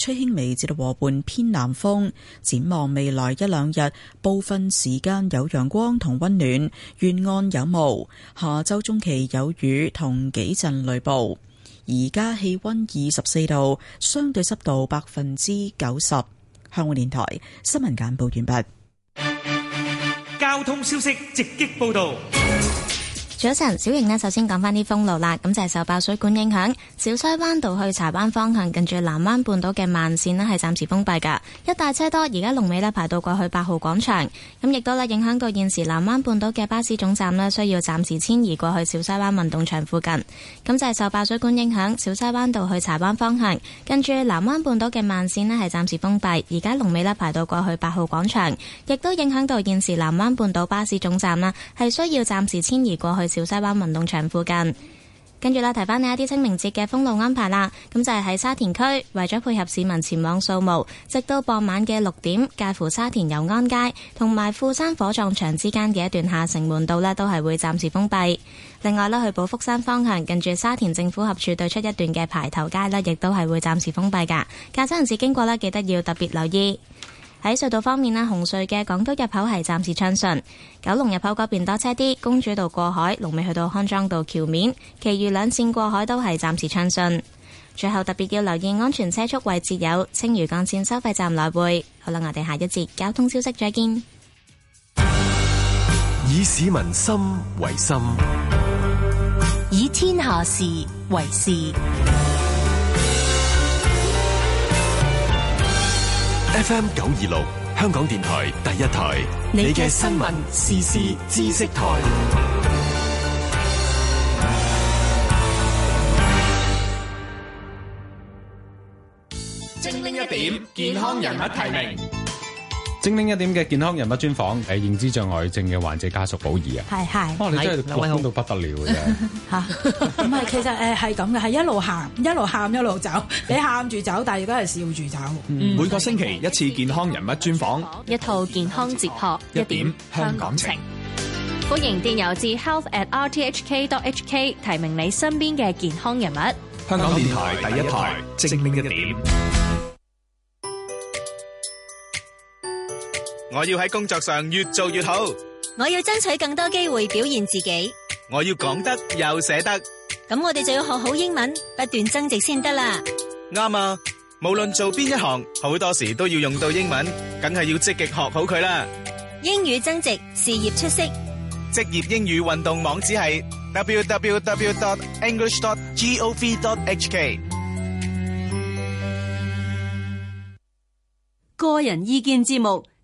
吹輕微至到和緩偏南風。展望未來一兩日，部分時間有陽光同温暖，沿岸有霧。下周中期有雨同幾陣雷暴。而家氣温二十四度，相對濕度百分之九十。香港電台新聞簡報完畢。交通消息直擊報道。早晨，小瑩呢，首先講翻啲封路啦。咁就係受爆水管影響，小西灣道去柴灣方向，近住南灣半島嘅慢線呢係暫時封閉噶。一大車多，而家龍尾呢排到過去八號廣場。咁亦都咧影響到現時南灣半島嘅巴士總站呢，需要暫時遷移過去小西灣運動場附近。咁就係受爆水管影響，小西灣道去柴灣方向，近住南灣半島嘅慢線呢係暫時封閉。而家龍尾呢排到過去八號廣場，亦都影響到現時南灣半島巴士總站啦，係需要暫時遷移過去。小西灣運動場附近，跟住啦，提翻你一啲清明節嘅封路安排啦。咁就係喺沙田區為咗配合市民前往掃墓，直到傍晚嘅六點，介乎沙田遊安街同埋富山火葬場之間嘅一段下城門道呢，都係會暫時封閉。另外咧去寶福山方向，近住沙田政府合署對出一段嘅排頭街呢，亦都係會暫時封閉噶。駕車人士經過呢，記得要特別留意。喺隧道方面啦，紅隧嘅港島入口係暫時暢順，九龍入口嗰邊多車啲。公主道過海龍尾去到康莊道橋面，其餘兩線過海都係暫時暢順。最後特別要留意安全車速位置有青嶼幹線收費站來回。好啦，我哋下一節交通消息再見。以市民心為心，以天下事為事。FM 九二六，香港電臺第一台，你嘅新聞、時事、知識台，精靈一點健康人物提名。精靈一點嘅健康人物專訪，誒、嗯，認知障礙症嘅患者家屬保儀啊，係係，哇，你真係樂觀到不得了嘅，吓、 啊，唔係，其實誒係咁嘅，係、呃、一路喊，一路喊一路走， 你喊住走，但係亦都係笑住走。嗯，每個星期一次健康人物專訪，一套健康哲學，一點,一點香港情，歡迎電郵至 health at rthk dot hk 提名你身邊嘅健康人物，香港電台第一台，第一台精靈一點。一點一點我要喺工作上越做越好。我要爭取更多機會表現自己。我要講得又寫得。咁我哋就要學好英文，不斷增值先得啦。啱啊！無論做邊一行，好多時都要用到英文，梗係要積極學好佢啦。英語增值，事業出色。職業英語運動網址係 w w w dot english dot g o v dot h k。個人意見節目。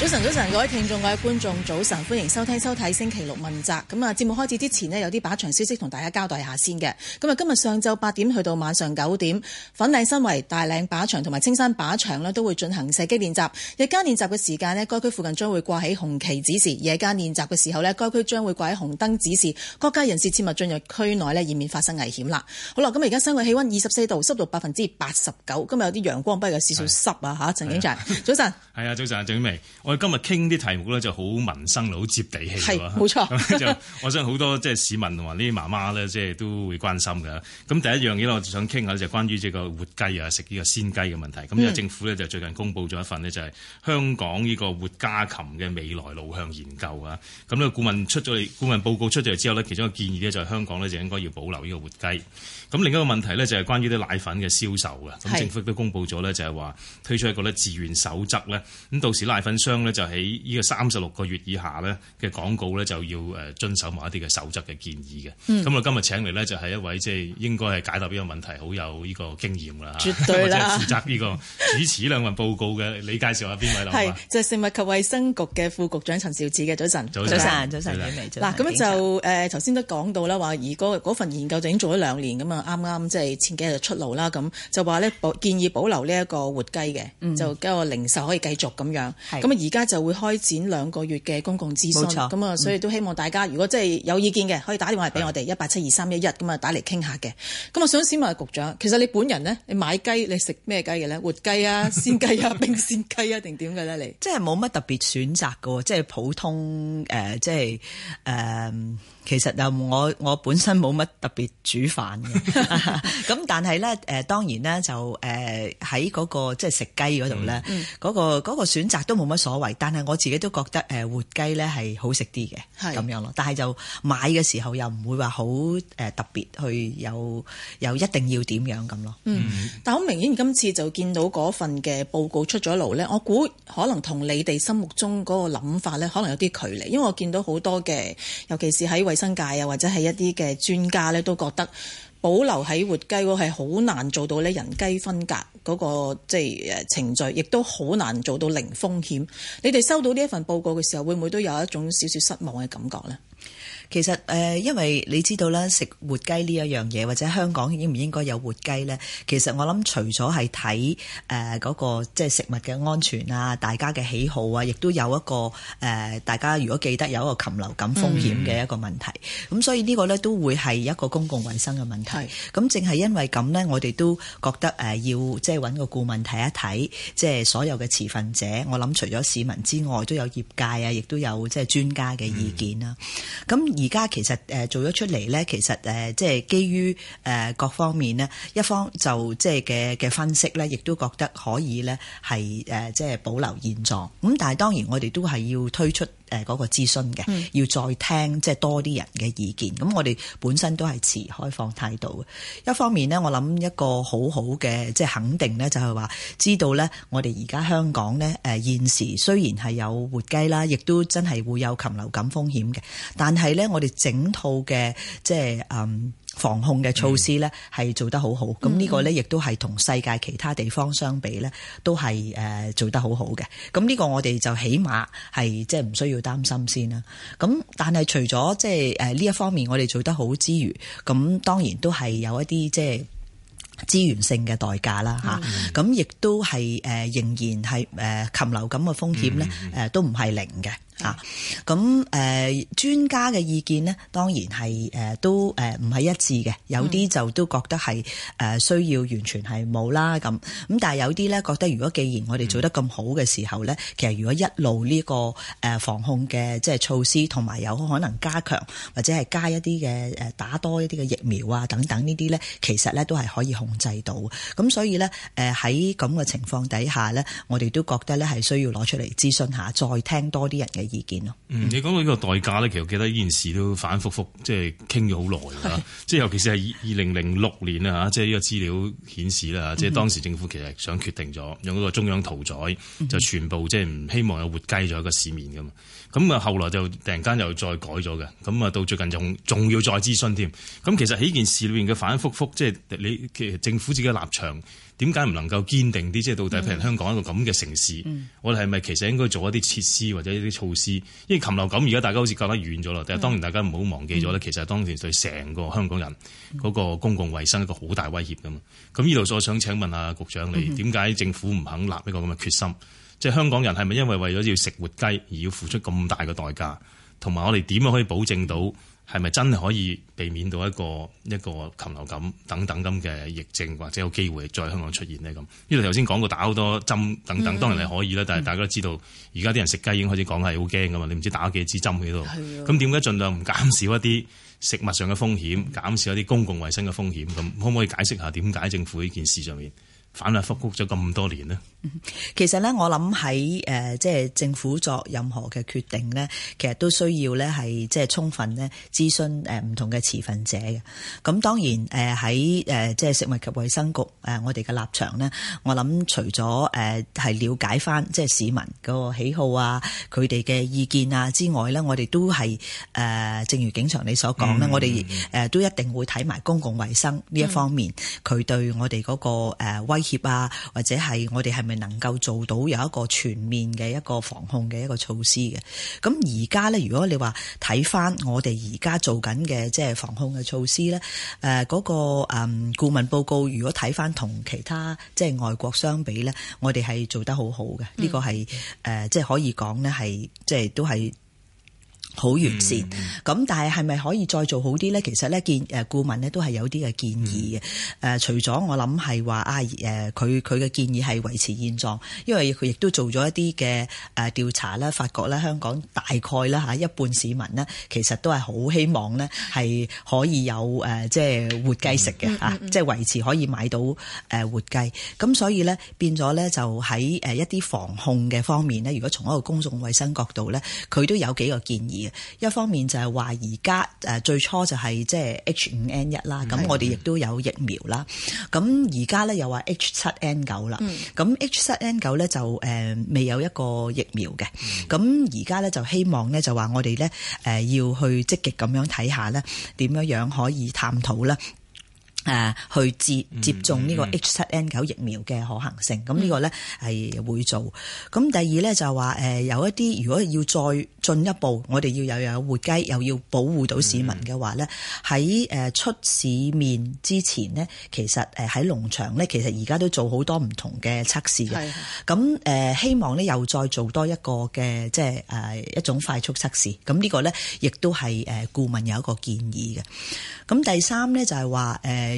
早晨，早晨，各位聽眾，各位觀眾早晨，歡迎收聽收睇《星期六問責》。咁啊，節目開始之前呢，有啲靶場消息同大家交代下先嘅。咁啊，今日上晝八點去到晚上九點，粉嶺新圍、大嶺靶場同埋青山靶場呢都會進行射擊練習。日間練習嘅時間呢，該區附近將會掛起紅旗指示；夜間練習嘅時候呢，該區將會掛起紅燈指示。各界人士切勿進入區內呢，以免發生危險啦。好啦，咁而家室外氣溫二十四度，濕度百分之八十九。今日有啲陽光，不過有少少濕啊吓，陳景祥，早晨。係啊，早晨，鄭婉薇。我哋今日傾啲題目咧就好民生、好接地氣喎，冇錯。 就我想好多即係市民同埋呢啲媽媽咧，即係都會關心㗎。咁第一樣嘢呢，我想就想傾下就關於呢個活雞啊，食呢個鮮雞嘅問題。咁有政府咧就最近公布咗一份呢就係香港呢個活家禽嘅未來路向研究啊。咁咧顧問出咗嚟，顧問報告出咗嚟之後呢，其中一個建議呢就係香港呢，就應該要保留呢個活雞。咁另一個問題呢，就係關於啲奶粉嘅銷售嘅，咁政府都公布咗呢，就係話推出一個呢自願守則呢，咁到時奶粉商呢，就喺呢個三十六個月以下呢嘅廣告呢，就要誒遵守某一啲嘅守則嘅建議嘅。咁、嗯、我今日請嚟呢，就係一位即係應該係解答呢個問題好有呢個經驗絕對啦嚇，即係負責呢個主持兩份報告嘅，你介紹一下邊位啦？係 就係、食物及衛生局嘅副局長陳肇始嘅。早晨，早晨早晨。嗱咁就誒頭先都講到啦，話而嗰、嗰份研究就已經做咗兩年噶嘛。啱啱即係前幾日就出爐啦，咁就話咧建議保留呢一個活雞嘅、嗯，就嗰個零售可以繼續咁樣。咁啊而家就會開展兩個月嘅公共諮詢，咁啊所以都希望大家、嗯、如果即係有意見嘅，可以打電話嚟俾我哋一八七二三一一，咁啊打嚟傾下嘅。咁我想先問下局長，其實你本人咧，你買雞你食咩雞嘅咧？活雞啊、鮮雞啊、 冰鮮雞啊，定點嘅咧？你即係冇乜特別選擇嘅，即係普通誒、呃，即係、呃、其實又我我本身冇乜特別煮飯嘅。 咁， 但係咧，誒，當然咧，就誒喺嗰個即係食雞嗰度咧，嗰、嗯嗰個嗰、嗰個選擇都冇乜所謂。但係我自己都覺得，誒、呃，活雞咧係好食啲嘅，咁樣咯。但係就買嘅時候又唔會話好誒特別去有有一定要點樣咁咯、嗯。嗯，但好明顯，今次就見到嗰份嘅報告出咗爐咧，我估可能同你哋心目中嗰個諗法咧，可能有啲距離，因為我見到好多嘅，尤其是喺衛生界啊，或者係一啲嘅專家咧，都覺得。保留喺活雞，我係好難做到咧人雞分隔嗰個即係誒程序，亦都好難做到零風險，你哋收到呢一份報告嘅時候，會唔會都有一種少少失望嘅感覺咧？其實誒、呃，因為你知道啦，食活雞呢一樣嘢，或者香港應唔應該有活雞呢？其實我諗除咗係睇誒嗰個即係食物嘅安全啊，大家嘅喜好啊，亦都有一個誒、呃，大家如果記得有一個禽流感風險嘅一個問題，咁、嗯、所以呢個呢，都會係一個公共衛生嘅問題。咁正係因為咁呢，我哋都覺得誒要即係揾個顧問睇一睇，即係所有嘅持份者，我諗除咗市民之外，都有業界啊，亦都有即係專家嘅意見啦、啊。咁、嗯而家其實誒做咗出嚟咧，其實誒即係基於誒各方面咧，一方就即係嘅嘅分析咧，亦都覺得可以咧係誒即係保留現狀。咁但係當然我哋都係要推出。誒、那、嗰個諮詢嘅，要再聽即係多啲人嘅意見。咁、嗯、我哋本身都係持開放態度嘅。一方面呢，我諗一個好好嘅即係肯定呢、就係，就係話知道呢，我哋而家香港呢，誒現時雖然係有活雞啦，亦都真係會有禽流感風險嘅，但係呢，我哋整套嘅即係誒。嗯防控嘅措施咧，係做得好好，咁、嗯、呢、呢個咧亦都係同世界其他地方相比咧，都係誒做得好好嘅。咁、呢、呢個我哋就起碼係即係唔需要擔心先啦。咁但係除咗即係誒呢一方面我哋做得好之餘，咁當然都係有一啲即係資源性嘅代價啦，吓、嗯。咁亦都係誒仍然係誒禽流感嘅風險咧，誒都唔係零嘅。啊，咁誒專家嘅意見咧，當然係誒、呃、都誒唔係一致嘅，有啲就都覺得係誒、呃、需要完全係冇啦咁，咁但係有啲咧覺得，如果既然我哋做得咁好嘅時候咧、嗯，其實如果一路呢個誒防控嘅即係措施，同埋有，有可能加強或者係加一啲嘅誒打多一啲嘅疫苗啊等等呢啲咧，其實咧都係可以控制到。咁所以咧誒喺咁嘅情況底下咧，我哋都覺得咧係需要攞出嚟諮詢下，再聽多啲人嘅。意見咯，嗯，你講到呢個代價咧，其實我記得呢件事都反反复覆了很久，即係傾咗好耐噶即係尤其是係二零零六年啊，即係呢個資料顯示啦，即係當時政府其實想決定咗用嗰個中央屠宰，就全部即係唔希望有活雞咗一個市面噶嘛，咁、嗯、啊後來就突然間又再改咗嘅，咁啊到最近仲仲要再諮詢添，咁其實喺呢件事裏面嘅反反覆覆，即係你其實政府自己嘅立場。點解唔能夠堅定啲？即係到底，譬如香港一個咁嘅城市，嗯、我哋係咪其實應該做一啲設施或者一啲措施？因為禽流感而家大家好似覺得遠咗喇。但係當然大家唔好忘記咗咧、嗯，其實當時對成個香港人嗰個公共衛生一個好大威脅噶嘛。咁呢度我想請問啊，局長你點解政府唔肯立呢個咁嘅決心？即、就、係、是、香港人係咪因為為咗要食活雞而要付出咁大嘅代價？同埋我哋點樣可以保證到？係咪真係可以避免到一個一個禽流感等等咁嘅疫症，或者有機會喺香港出現呢？咁呢度頭先講過打好多針等等，嗯、當然係可以啦。但係大家都知道，而家啲人食雞已經開始講係好驚㗎嘛，你唔知打咗幾支針喺度。咁點解盡量唔減少一啲食物上嘅風險，減少一啲公共衞生嘅風險？咁可唔可以解釋下點解政府呢件事上面？反覆復轟咗咁多年呢、嗯、其實咧我諗喺即政府作任何嘅決定咧，其實都需要咧係即係充分咧諮詢唔同嘅持份者嘅。咁當然喺即係食物及衛生局、呃、我哋嘅立場咧，我諗除咗係、呃、了解翻即係市民個喜好啊、佢哋嘅意見啊之外咧，我哋都係、呃、正如景祥你所講咧、嗯，我哋都一定會睇埋公共衛生呢一方面佢、嗯、對我哋嗰個威威脅啊，或者係我哋係咪能夠做到有一個全面嘅一個防控嘅一個措施嘅？咁而家咧，如果你話睇翻我哋而家做緊嘅即係防控嘅措施咧，誒、那、嗰個誒顧問報告，如果睇翻同其他即係外國相比咧，我哋係做得好好嘅，呢個係誒即係可以講咧係即係都係好完善，咁、嗯、但係係咪可以再做好啲呢？其實呢，建顧問呢都係有啲嘅建議嘅、嗯。除咗我諗係話啊佢佢嘅建議係維持現狀，因為佢亦都做咗一啲嘅調查呢，發覺咧香港大概啦吓一半市民呢，其實都係好希望呢係可以有即係活雞食嘅、嗯啊、即係維持可以買到誒活雞。咁所以呢，變咗呢，就喺一啲防控嘅方面呢，如果從一個公眾衛生角度呢，佢都有幾個建議。一方面就係話而家誒最初就係即係 H5N1 啦，咁我哋亦都有疫苗啦。咁而家咧又話 H7N9 啦，咁 H7N9 咧就誒、呃、未有一個疫苗嘅。咁而家咧就希望咧就話我哋咧誒要去積極咁樣睇下咧，點樣樣可以探討啦。誒、啊、去接接種呢個 H 七 N 九疫苗嘅可行性，咁、嗯、呢個咧係會做。咁第二咧就話、是、誒有一啲，如果要再進一步，我哋要有有活雞，又要保護到市民嘅話咧，喺、嗯、出市面之前呢，其實誒喺農場咧，其實而家都做好多唔同嘅測試嘅。咁誒、呃、希望咧又再做多一個嘅即係誒、啊、一種快速測試。咁呢個咧亦都係誒顧問有一個建議嘅。咁第三咧就係、是、話誒。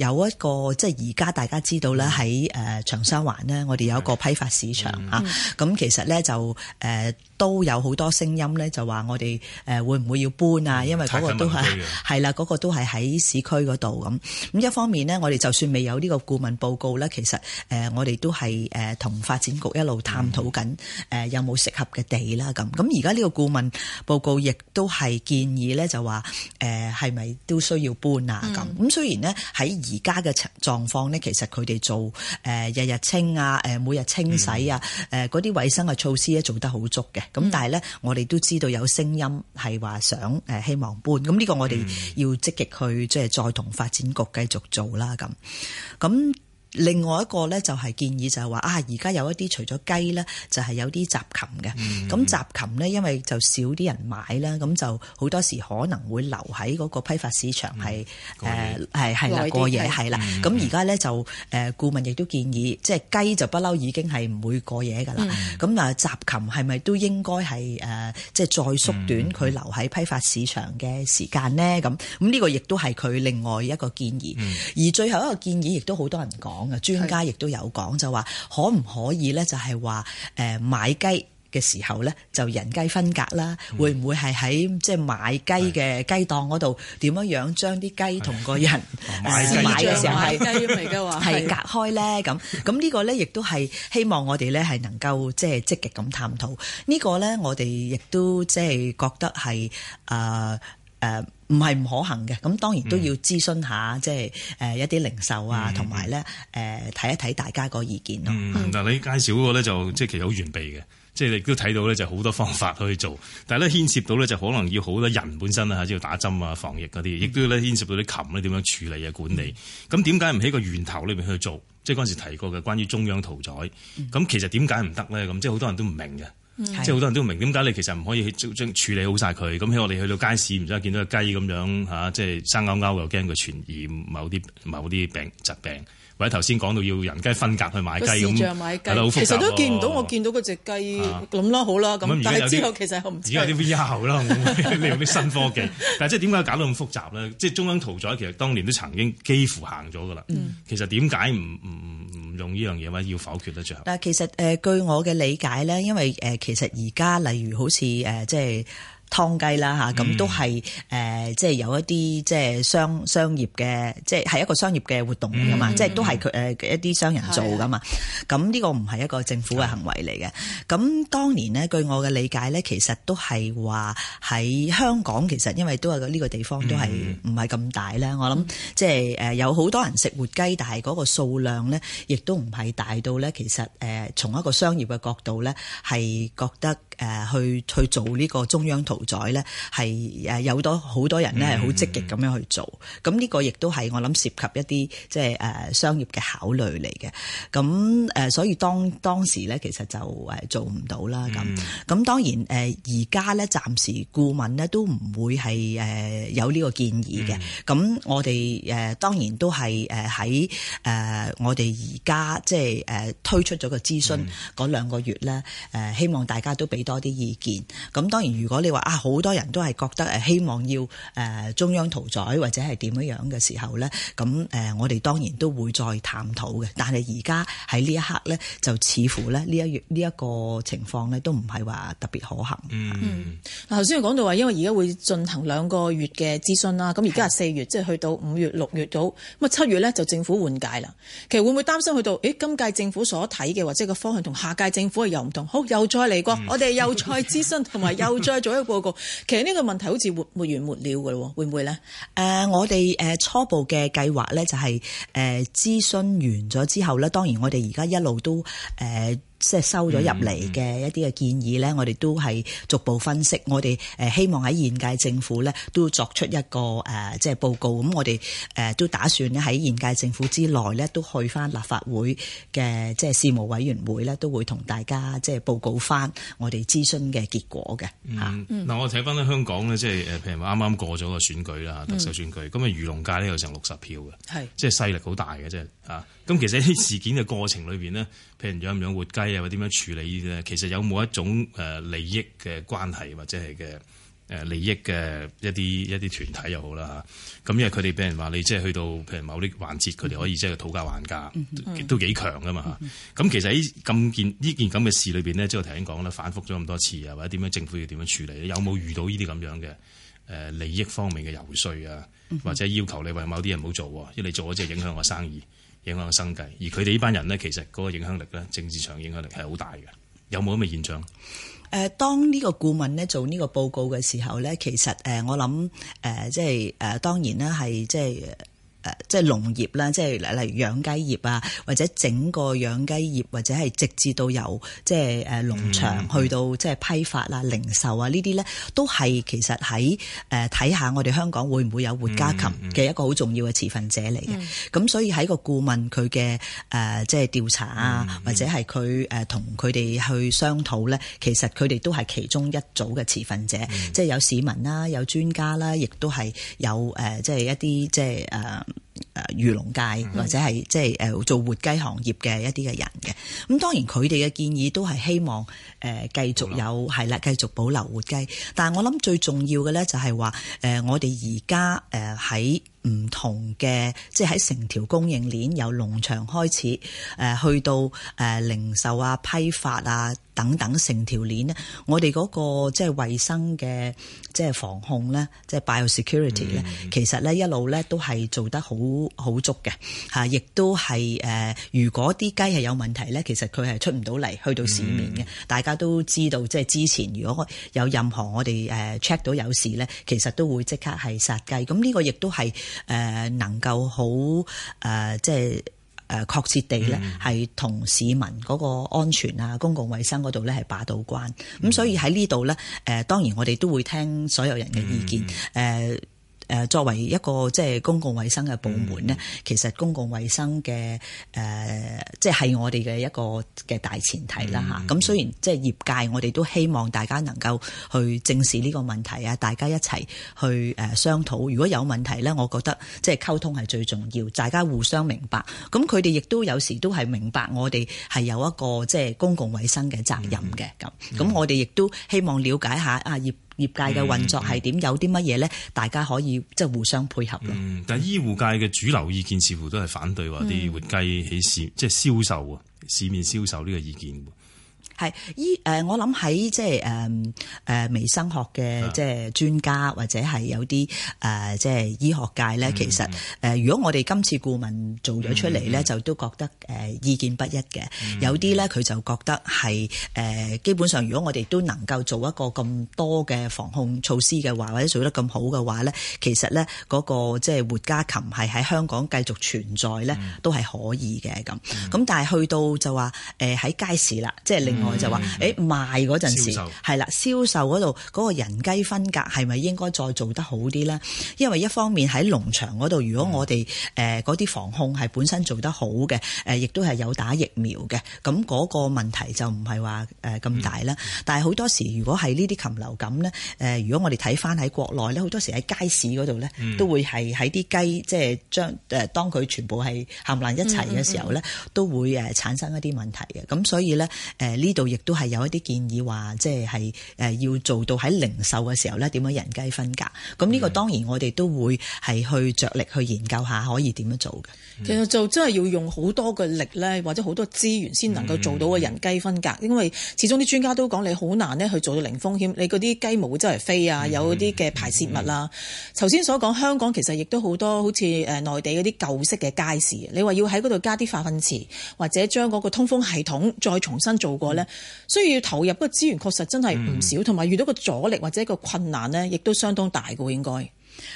有一個即係而家大家知道啦，喺誒長沙灣呢，我哋有一個批發市場嚇。咁、嗯啊、其實呢，就、呃、誒都有好多聲音呢，就話我哋誒會唔會要搬啊？嗯、因為嗰個都係係啦，嗰、嗰個、都係喺市區嗰度咁。咁一方面呢，我哋就算未有呢個顧問報告呢，其實誒、呃、我哋都係誒同發展局一路探討緊誒有冇適合嘅地啦。咁咁而家呢個顧問報告亦都係建議呢，就話誒係咪都需要搬啊？咁咁雖然呢。喺。而家嘅狀況咧，其實佢哋做誒日日清啊，誒、呃、每日清洗啊，誒嗰啲衛生嘅措施咧做得好足嘅。咁、mm. 但係咧，我哋都知道有聲音係話想誒、呃、希望搬，咁、這、呢個我哋要積極去即係、mm. 再同發展局繼續做啦。咁咁。另外一個咧就係建議就係話啊，而家有一啲除咗雞咧，就係、是、有啲雜禽嘅。咁、嗯、雜禽咧，因為就少啲人買啦，咁就好多時可能會留喺嗰個批發市場係誒係係過夜係啦。咁、嗯、而家咧就誒顧問亦都建議即係雞就不、是、嬲已經係唔會過夜噶啦。咁、嗯、啊、嗯、雜禽係咪都應該係誒即係再縮短佢留喺批發市場嘅時間咧？咁咁呢個亦都係佢另外一個建議、嗯，而最後一個建議亦都好多人講。講專家亦都有講就話，可唔可以咧？就係話，誒，買雞嘅時候咧，就人雞分隔啦，嗯，會唔會係喺即係買雞嘅雞檔嗰度，點樣樣將啲雞同個人買嘅時候係隔開咧？咁咁呢個咧，亦都係希望我哋咧係能夠即係積極咁探討呢個咧，我哋亦都即係覺得係誒誒。呃呃唔係唔可行嘅，咁當然都要諮詢一下，即係一啲零售啊，同埋咧誒睇一睇大家個意見咯。嗱、嗯，但你介紹嗰個咧就即係其實好完備嘅，即係亦都睇到咧就好多方法去做，但係咧牽涉到咧就可能要好多人本身啊，即係要打針啊、防疫嗰啲，亦都咧牽涉到啲禽咧點樣處理啊管理。咁點解唔喺個源頭裏面去做？即係嗰陣時提過嘅關於中央屠宰，咁其實點解唔得咧？咁即係好多人都唔明嘅。嗯、即係好多人都唔明點解你其實唔可以去將處理好曬佢，咁喺我哋去到街市，唔使見到個雞咁樣吓，即、啊、係、就是、生勾勾又驚佢傳染某啲某啲病疾病，或者頭先講到要人雞分隔去買雞咁，係咯，好複雜。其實都見唔到我，我見到嗰隻雞咁啦，啊、好啦咁。但係之後其實又唔知有啲 VR 咯，你有啲新科技，但係即係點解搞到咁複雜咧？即係中央屠宰其實當年都曾經幾乎行咗噶啦。其實點解唔唔唔用呢樣嘢話要否決得著？但係其實誒、呃，據我嘅理解咧，因為、呃、其實而家例如好似誒、呃、即係。劏雞啦吓，咁都係誒、嗯，即係有一啲即係商商業嘅，即係一個商業嘅活動㗎嘛，即、嗯、係、嗯、都係佢一啲商人做㗎嘛。咁呢個唔係一個政府嘅行為嚟嘅。咁當年呢，據我嘅理解呢，其實都係話喺香港，其實因為都係呢個地方都係唔係咁大啦、嗯嗯。我諗即係誒有好多人食活雞，但係嗰個數量呢，亦都唔係大到呢。其實誒，從一個商業嘅角度呢，係覺得誒去去做呢個中央屠。在咧係誒有多好多人咧係好積極咁樣去做，咁、嗯、呢、嗯個亦都係我諗涉及一啲即係誒商業嘅考慮嚟嘅。咁誒所以當當時咧其實就誒做唔到啦。咁、嗯、咁當然誒而家咧暫時顧問咧都唔會係誒有呢個建議嘅。咁、嗯、我哋誒當然都係誒喺誒我哋而家即係誒推出咗個諮詢嗰兩個月咧誒、嗯、希望大家都俾多啲意見，咁當然如果你話。好多人都係覺得希望要中央屠宰或者係點樣嘅時候咧，咁誒我哋當然都會再探討嘅。但係而家喺呢一刻咧，就似乎咧呢一月呢一個情況咧，都唔係話特別可行。嗯，頭先佢講到話，因為而家會進行兩個月嘅諮詢啦。咁而家係四月，即係去到五月、六月到咁啊，七月咧就政府換屆啦。其實會唔會擔心去到咦，今屆政府所睇嘅或者個方向同下屆政府係又唔同？好，又再嚟過，嗯、我哋又再諮詢同埋又再做一步。 其實呢個問題好似沒沒完沒了嘅咯，會唔會咧？誒、呃，我哋誒初步嘅計劃咧就係、是、誒諮詢完咗之後咧，當然我哋而家一路都誒。呃即係收咗入嚟嘅一啲嘅建議呢、嗯，我哋都係逐步分析。我哋希望喺現屆政府呢，都作出一個即係報告。咁我哋都打算喺現屆政府之內呢，都去翻立法會嘅即係事務委員會呢，都會同大家即係報告翻我哋諮詢嘅結果嘅嚇。嗱、嗯嗯，我睇翻咧香港呢，即係譬如啱啱過咗個選舉啦，特首選舉，咁、嗯、啊漁農界呢，有成六十票嘅，即係勢力好大嘅，即係咁 其實喺啲事件嘅過程裏邊咧，譬如養唔養活雞啊，或點樣處理咧，其實有冇一種誒利益嘅關係，或者係嘅誒利益嘅一啲一啲團體又好啦嚇。咁因為佢哋俾人話你即係去到譬如某啲環節，佢哋可以即係討價還價，都都幾強噶嘛。咁其實喺咁件呢件咁嘅事裏邊咧，即係我頭先講啦，反覆咗咁多次啊，或者點樣政府要點樣處理咧，有冇遇到呢啲咁樣嘅誒利益方面嘅遊說啊，或者要求你為某啲嘢唔好做，因為你做咗即係影響我生意。影響生計，而佢哋呢班人呢，其實嗰個影響力咧，政治上影響力係好大嘅。有冇咁嘅現象？誒，當呢個顧問呢做呢個報告嘅時候呢，其實誒，我諗誒，即係誒，當然啦，係即係，誒。誒，即係農業啦，即係例如養雞業啊，或者整個養雞業，或者係直至到由即係誒農場去到即係批發啊、零售啊呢啲咧，都係其實喺誒睇下我哋香港會唔會有活家禽嘅一個好重要嘅持份者嚟嘅。咁、嗯、所以喺個顧問佢嘅誒即係調查啊，或者係佢誒同佢哋去商討咧，其實佢哋都係其中一組嘅持份者，嗯、即係有市民啦，有專家啦，亦都係有誒即係一啲即係誒。呃誒、呃，漁農界或者係即係誒做活雞行業嘅一啲嘅人嘅，咁當然佢哋嘅建議都係希望誒繼、呃、續有係啦，繼續保留活雞，但係我諗最重要嘅咧就係話誒我哋而家誒喺。呃唔同嘅，即係喺成條供應鏈由農場開始，誒去到誒零售啊、批發啊等等成條鏈咧，我哋嗰個即係衛生嘅，即係防控咧，即係 biosecurity 咧，其實咧一路咧都係做得好好足嘅吓，亦都係誒如果啲雞係有問題咧，其實佢係出唔到嚟去到市面嘅，嗯、大家都知道，即係之前如果有任何我哋誒 check 到有事咧，其實都會即刻係殺雞，咁呢個亦都係。誒、呃、能夠好誒、呃、即係誒、呃、確切地咧，係同市民嗰個安全啊、公共衛生嗰度咧係把到關。咁、嗯、所以喺呢度咧，誒、呃、當然我哋都會聽所有人嘅意見，誒、嗯呃。誒作為一個即係公共衛生嘅部門咧、嗯，其實公共衛生嘅誒即係我哋嘅一個嘅大前提啦嚇咁、嗯、雖然即係業界，我哋都希望大家能夠去正視呢個問題啊、嗯，大家一齊去誒商討。如果有問題咧，我覺得即係溝通係最重要，大家互相明白。咁佢哋亦都有時都係明白我哋係有一個即係公共衛生嘅責任嘅咁。咁、嗯、我哋亦都希望了解下、嗯、啊業。業界嘅運作係點、嗯？有啲乜嘢咧？大家可以即係互相配合咯。嗯，但係醫護界嘅主流意見似乎都係反對話啲活雞喺市，即係銷售啊，市面銷售呢個意見。係醫誒，我諗喺即係誒誒微生物學嘅即係專家，或者係有啲誒即係醫學界咧，其實誒如果我哋今次顧問做咗出嚟咧，就都覺得誒意見不一嘅，有啲咧佢就覺得係誒基本上，如果我哋都能夠做一個咁多嘅防控措施嘅話，或者做得咁好嘅話咧，其實咧嗰個即係活家禽係喺香港繼續存在咧，都係可以嘅咁。咁但係去到就話誒喺街市啦，即係另外。嗯嗯、就話誒、欸、賣嗰陣時係啦，銷售嗰度嗰個人雞分隔係咪應該再做得好啲咧？因為一方面喺農場嗰度，如果我哋誒嗰啲防控係本身做得好嘅，誒亦都係有打疫苗嘅，咁嗰個問題就唔係話誒咁大啦。但係好多時，如果係呢啲禽流感咧，誒、呃、如果我哋睇翻喺國內咧，好多時喺街市嗰度咧，都會係喺啲雞即係將誒當佢全部係冚唥一齊嘅時候咧、嗯嗯嗯，都會誒產生一啲問題嘅。咁所以咧誒呢？呃呢度亦都係有一啲建議話，即係誒要做到喺零售嘅時候咧，點樣人雞分隔？咁呢個當然我哋都會係去着力去研究下，可以點樣做嘅、嗯。其實就真係要用好多嘅力咧，或者好多資源先能夠做到嘅人雞分隔、嗯，因為始終啲專家都講你好難咧去做到零風險，你嗰啲雞毛周圍飛啊，有啲嘅排泄物啦。頭、嗯、先、嗯、所講香港其實亦都好多好似誒內地嗰啲舊式嘅街市，你話要喺嗰度加啲化糞池，或者將嗰個通風系統再重新做過。所以要投入嗰資源確實真係唔少，同埋遇到個阻力或者個困難咧，亦都相當大噶，應該。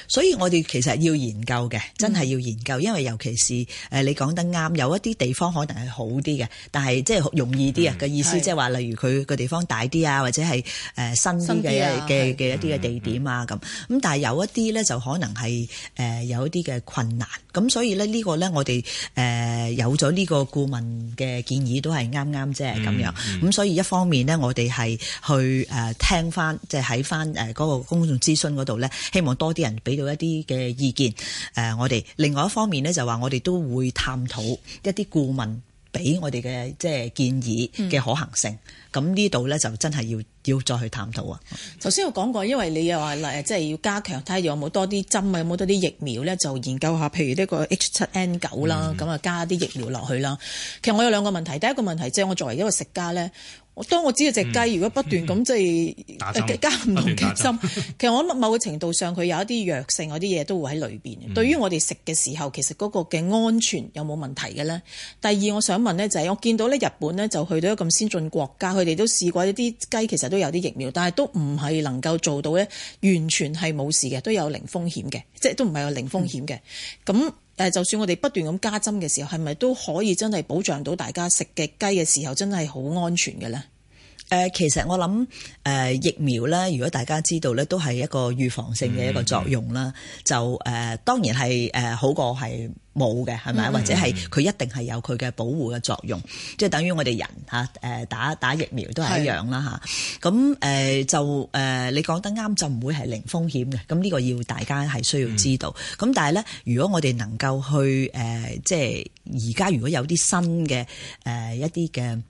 所以我哋其實要研究嘅，真係要研究，因為尤其是誒、呃、你講得啱，有一啲地方可能係好啲嘅，但係即係容易啲嘅，嗯、意思，即係話例如佢個地方大啲啊，或者係誒新嘅嘅嘅一啲嘅，啊、地點啊咁，咁，嗯、但係有一啲咧就可能係誒、呃、有一啲嘅困難，咁所以咧呢個咧我哋誒、呃、有咗呢個顧問嘅建議都係啱啱啫咁樣，咁，嗯嗯、所以一方面呢，我哋係去誒聽翻即係喺翻誒嗰個公眾諮詢嗰度咧，希望多啲人。俾到一啲嘅意見，呃、我哋另外一方面咧就話，我哋都會探討一啲顧問俾我哋嘅即係建議嘅可行性。咁呢度咧就真係要要再去探討啊。頭、嗯、先我講過，因為你又話，即係要加強睇下有冇多啲針啊，有冇多啲疫苗咧，就研究下，譬如呢個 H 七 N 九啦，咁啊加啲疫苗落去啦。其實我有兩個問題，第一個問題即係我作為一個食家咧。當當我知道隻雞，如果不斷咁即係加唔同嘅針，其實我諗某個程度上佢有一啲藥性嗰啲嘢都會喺裏面。對、嗯、對於我哋食嘅時候，其實嗰個嘅安全有冇問題嘅咧？第二我想問咧、就是，就係我見到咧，日本咧就去到一個咁先進國家，佢哋都試過一啲雞其實都有啲疫苗，但係都唔係能夠做到咧，完全係冇事嘅，都有零風險嘅，即係都唔係有零風險嘅咁。嗯誒，就算我哋不斷咁加針嘅時候，係咪都可以真係保障到大家食嘅雞嘅時候，真係好安全嘅咧？誒、呃，其實我諗誒、呃、疫苗咧，如果大家知道咧，都係一個預防性嘅一個作用啦、嗯。就誒、呃，當然係誒、呃、好過係。冇嘅，係咪？Mm -hmm. 或者係佢一定係有佢嘅保護嘅作用，即係等於我哋人嚇打打疫苗都係一樣啦嚇。咁誒就誒你講得啱，就唔、呃、會係零風險嘅。咁、這、呢個要大家係需要知道。咁、mm -hmm. 但係咧，如果我哋能夠去誒、呃，即係而家如果有啲新嘅誒、呃、一啲嘅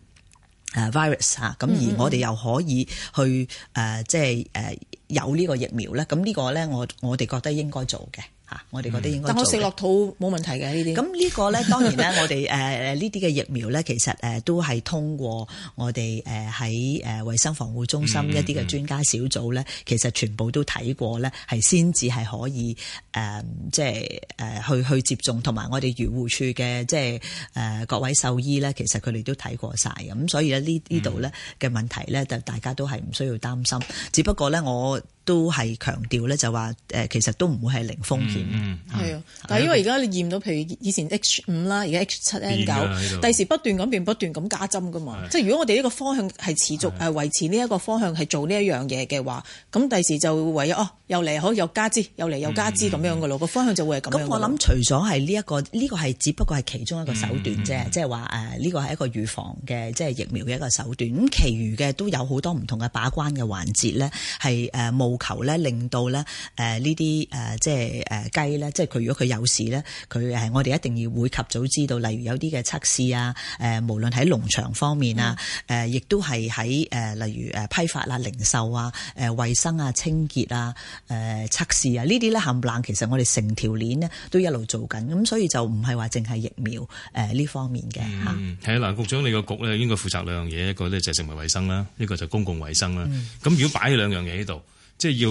誒 virus 咁、啊、而我哋又可以去誒、呃，即係誒、呃、有呢個疫苗咧。咁、這個、呢個咧，我我哋覺得應該做嘅。吓，我哋覺得應該、嗯。但我食落肚冇問題嘅呢啲。咁呢個咧，當然咧，我哋誒誒呢啲嘅疫苗咧，其實誒都係通過我哋誒喺誒衞生防護中心一啲嘅專家小組咧、嗯嗯，其實全部都睇過咧，係先至係可以誒、呃，即係誒、呃、去去接種，同埋我哋漁護處嘅即係誒、呃、各位獸醫咧，其實佢哋都睇過晒。咁所以咧呢呢度咧嘅問題咧，大大家都係唔需要擔心。只不過咧，我。都係強調咧，就話誒其實都唔會係零風險，係、mm、啊 -hmm.！但係因為而家你驗到，譬如以前 H 五啦，而家 H 七 N 九，第時不斷咁變，不斷咁加針噶嘛。即係如果我哋呢個方向係持續誒維持呢一個方向係做呢一樣嘢嘅話，咁第時就唯有哦，又嚟可又加支，又嚟又加支咁、mm -hmm. 樣嘅咯。個方向就會係咁。咁我諗除咗係呢一個，呢、呢個係只不過係其中一個手段啫，即係話誒呢個係一個預防嘅即係疫苗嘅一個手段。咁，其餘嘅都有好多唔同嘅把關嘅環節咧，係誒冇。要求咧，令到咧，誒呢啲誒，即係誒雞咧，即係佢如果佢有事咧，佢誒，我哋一定要會及早知道。例如有啲嘅測試啊，誒，無論喺農場方面啊，誒，亦都係喺誒，例如誒批發呀、零售啊、誒衛生啊、清潔啊、誒測試啊，呢啲咧冚冷，其實我哋成條鏈咧都一路做緊，咁所以就唔係話淨係疫苗誒呢方面嘅吓。係、嗯、嗱，局長，你個局咧應該負責兩樣嘢，一個咧就係食物衛生啦，呢個就公共衛生啦。咁、嗯、如果擺兩樣嘢喺度。即係要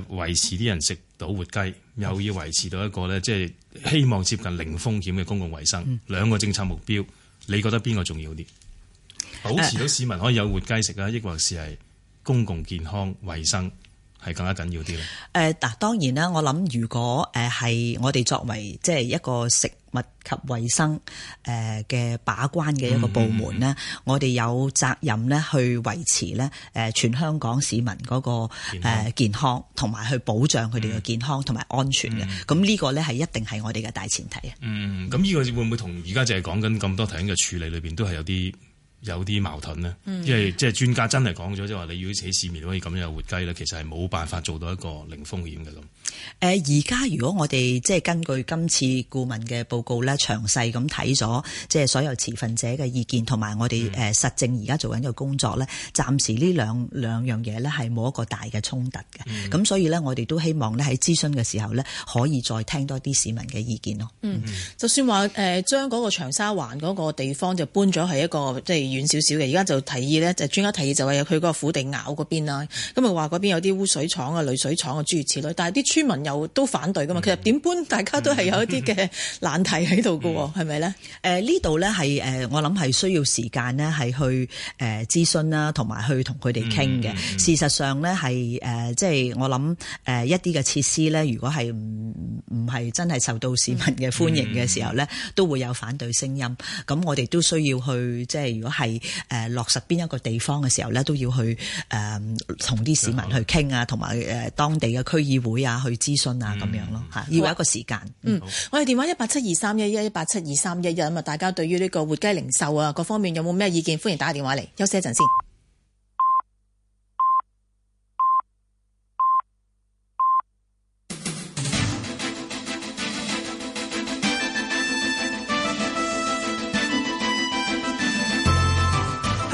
誒維持啲人食到活雞，又要維持到一個咧，即係希望接近零風險嘅公共衞生兩個政策目標，你覺得邊個重要啲？保持到市民可以有活雞食啊，抑或是係公共健康衞生係更加緊要啲咧？誒、呃、嗱，當然啦，我諗如果誒係我哋作為即係一個食。物及衞生誒嘅把關嘅一個部門呢、嗯嗯、我哋有責任咧去維持呢誒全香港市民嗰個健康，同埋去保障佢哋嘅健康同埋安全嘅。咁、嗯、呢個呢，係一定係我哋嘅大前提啊。嗯，咁呢個會唔會同而家就係講緊咁多樣嘅處理裏邊都係有啲有啲矛盾咧，因、嗯、為即係專家真係講咗，即係話你如果喺市面可以咁樣活雞咧，其實係冇辦法做到一個零風險嘅咁。誒，而家如果我哋即係根據今次顧問嘅報告咧，詳細咁睇咗，即係所有持份者嘅意見同埋我哋誒實證而家做緊嘅工作咧，暫、嗯、時呢兩兩樣嘢咧係冇一個大嘅衝突嘅。咁、嗯、所以咧，我哋都希望咧喺諮詢嘅時候咧，可以再聽多啲市民嘅意見咯、嗯。嗯，就算話誒將嗰個長沙灣嗰個地方就搬咗係一個即係。遠少少嘅，而家就提議咧，就專家提議就話有佢嗰個虎地坳嗰邊啦，咁啊話嗰邊有啲污水廠啊、濾水廠啊，諸如此類，但係啲村民又都反對噶嘛，其實點搬大家都係有一啲嘅難題喺度噶，係咪咧？誒、呃，這裡呢度咧係誒，我諗係需要時間咧，係去誒諮詢啦，同、呃、埋去同佢哋傾嘅。事實上咧，係誒，即、呃、係、就是、我諗誒、呃，一啲嘅設施咧，如果係唔唔係真係受到市民嘅歡迎嘅時候咧、嗯，都會有反對聲音。咁、嗯、我哋都需要去，即係如果係。係誒、呃、落實邊一個地方嘅時候咧，都要去誒同啲市民去傾啊，同埋誒當地嘅區議會啊去諮詢啊，咁、嗯、樣咯吓，要有一個時間、啊。嗯，我哋電話一八七二三一一一八七二三一一，咁啊，大家對於呢個活雞零售啊各方面有冇咩意見？歡迎打個電話嚟。休息一陣先。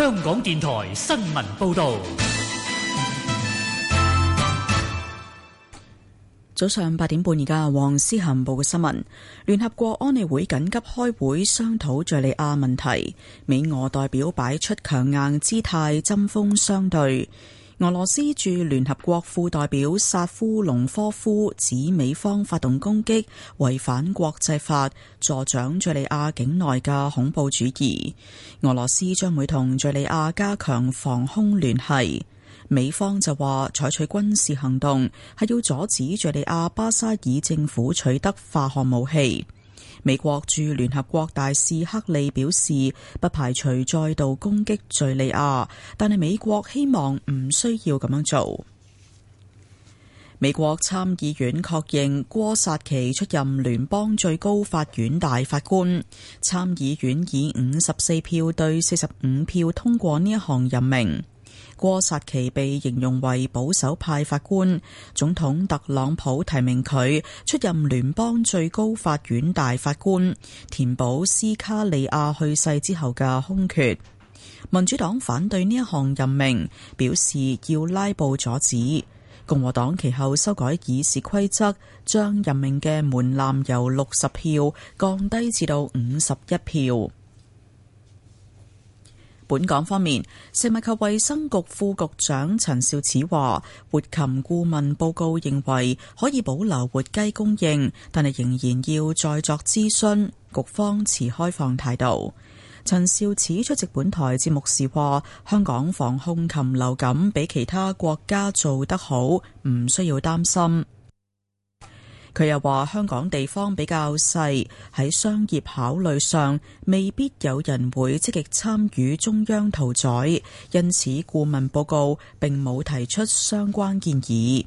香港電台新聞報道，早上八點半而家黃思恒報嘅新聞。聯合國安理會緊急開會商討敘利亞問題，美俄代表擺出強硬姿態，針鋒相對。俄羅斯駐聯合國副代表薩夫隆科夫指美方發動攻擊違反國際法，助長敘利亞境內嘅恐怖主義。俄羅斯將會同敘利亞加強防空聯繫。美方就話採取軍事行動係要阻止敘利亞巴沙爾政府取得化學武器。美國駐聯合國大使克利表示，不排除再度攻擊敘利亞，但係美國希望唔需要咁樣做。美國參議院確認郭薩奇出任聯邦最高法院大法官，參議院以五十四票對四十五票通過呢一項任命。郭薩奇被形容為保守派法官，總統特朗普提名佢出任聯邦最高法院大法官，填補斯卡利亞去世之後嘅空缺。民主黨反對呢一項任命，表示要拉布阻止。共和黨其後修改議事規則，將任命嘅門檻由六十票降低至到五十一票。本港方面，食物及衛生局副局長陳肇始話活禽顧問報告認為可以保留活雞供應，但係仍然要再作諮詢，局方持開放態度。陳肇始出席本台節目時話香港防控禽流感比其他國家做得好，唔需要擔心。佢又話：香港地方比較細，喺商業考慮上，未必有人會積極參與中央屠宰，因此顧問報告並冇提出相關建議。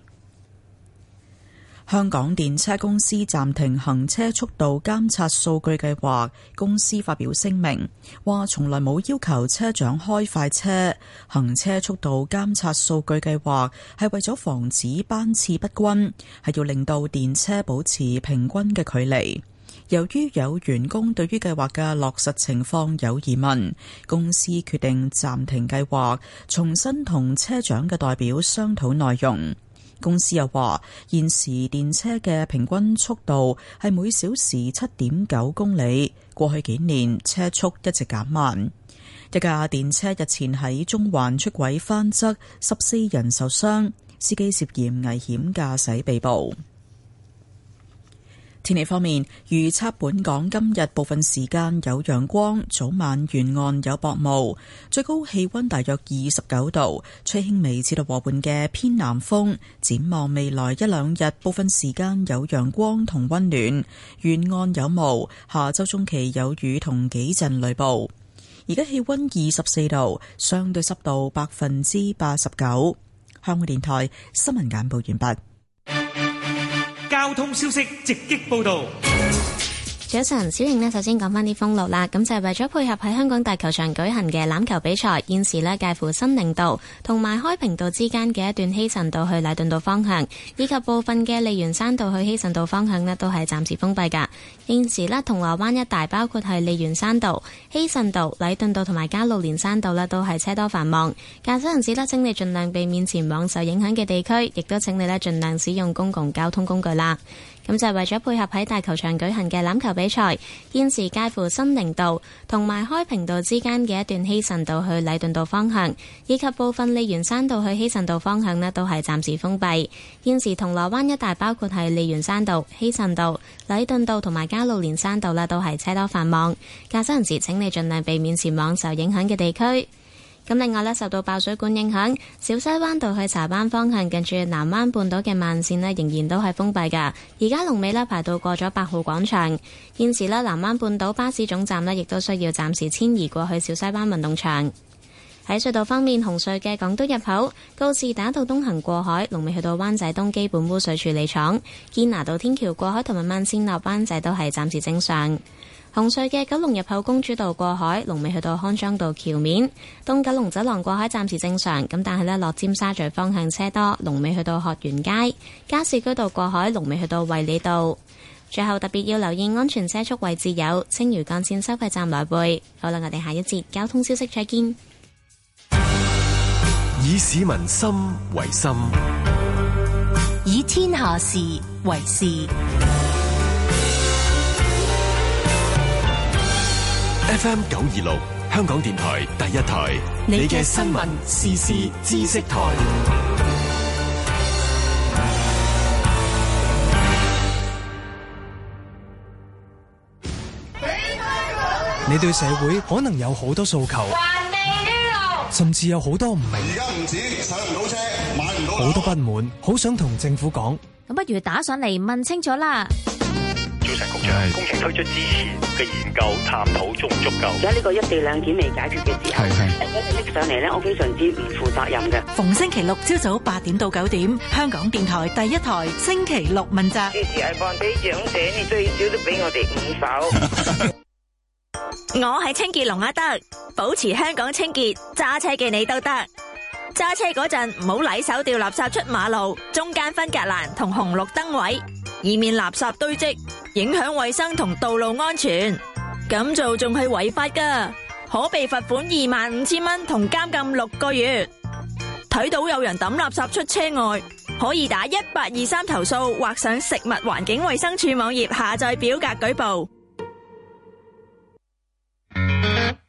香港電車公司暫停行車速度監察數據計劃。公司發表聲明，話從來冇要求車長開快車。行車速度監察數據計劃係為咗防止班次不均，係要令到電車保持平均嘅距離。由於有員工對於計劃嘅落實情況有疑問，公司決定暫停計劃，重新同車長嘅代表商討內容。公司又話，現時電車嘅平均速度係每小時七點九公里。過去幾年車速一直減慢。一架電車日前喺中環出軌翻側，十四人受傷，司機涉嫌危險駕駛被捕。天氣方面，預測本港今日部分時間有陽光，早晚沿岸有薄霧，最高氣温大約二十九度，吹輕微至到和緩嘅偏南風。展望未來一兩日，部分時間有陽光同温暖，沿岸有霧。下周中期有雨同幾陣雷暴。而家氣温二十四度，相對濕度百分之八十九。香港電台新聞簡報完畢。通消息直擊報導。早晨，小瑩呢，首先講返啲封路啦。咁就係為咗配合喺香港大球場舉行嘅欖球比賽，現時呢，介乎新寧道同埋開平道之間嘅一段希慎道去禮頓道方向，以及部分嘅利園山道去希慎道方向呢，都係暫時封閉㗎。現時呢，銅鑼灣一帶，包括係利園山道、希慎道、禮頓道同埋加路連山道呢，都係車多繁忙。駕駛人士呢，請你盡量避免前往受影響嘅地區，亦都請你呢盡量使用公共交通工具啦。咁就係為咗配合喺大球場舉行嘅欖球比賽，現時介乎新寧道同埋開平道之間嘅一段希慎道去禮頓道方向，以及部分利園山道去希慎道方向呢，都係暫時封閉。現時銅鑼灣一帶，包括係利園山道、希慎道、禮頓道同埋加路連山道呢，都係車多繁忙。駕駛人士請你盡量避免前往受影響嘅地區。咁另外呢，受到爆水管影響，小西灣道去柴灣方向近住南灣半島嘅慢線呢，仍然都係封閉噶。而家龍尾呢，排到過咗八號廣場，現時呢，南灣半島巴士總站呢，亦都需要暫時遷移過去小西灣運動場。喺隧道方面，紅隧嘅港島入口、告士打道東行過海、龍尾去到灣仔東基本污水處理廠、堅拿道天橋過海同埋慢線落灣仔都係暫時正常。紅隧嘅九龍入口公主道過海，龍尾去到康莊道橋面；東九龍走廊過海暫時正常，咁但係呢，落尖沙咀方向車多，龍尾去到學園街；加士居道過海，龍尾去到衛理道。最後特別要留意安全車速位置有青嶼幹線收費站來回。好啦，我哋下一節交通消息再見。以市民心為心，以天下事為事。FM 九二六，香港電台第一台。你嘅新聞、時事、知識台。你對社會可能有好多訴求，甚至有好多唔明，而家唔止上唔到車，買唔到，好多不滿，好想同政府講。咁不如打上嚟問清楚啦。工程局長，工程推出之前嘅研究探討足唔足夠？而家呢個一地兩檢未解決嘅時候，係係拎上嚟咧，我非常之唔負責任嘅。逢星期六朝早八點到九點，香港電台第一台星期六問責。支持係放低長者，你最少都俾我哋五手。我係清潔龍阿德，保持香港清潔，揸車嘅你都得。揸車嗰陣，唔好禮手掉垃圾出馬路，中間分隔欄同紅綠燈位，以免垃圾堆積，影響衛生同道路安全，咁做仲係違法噶，可被罰款二萬五千蚊同監禁六個月。睇到有人抌垃圾出車外，可以打一八二三投訴，或上食物環境衛生署網頁下載表格舉報。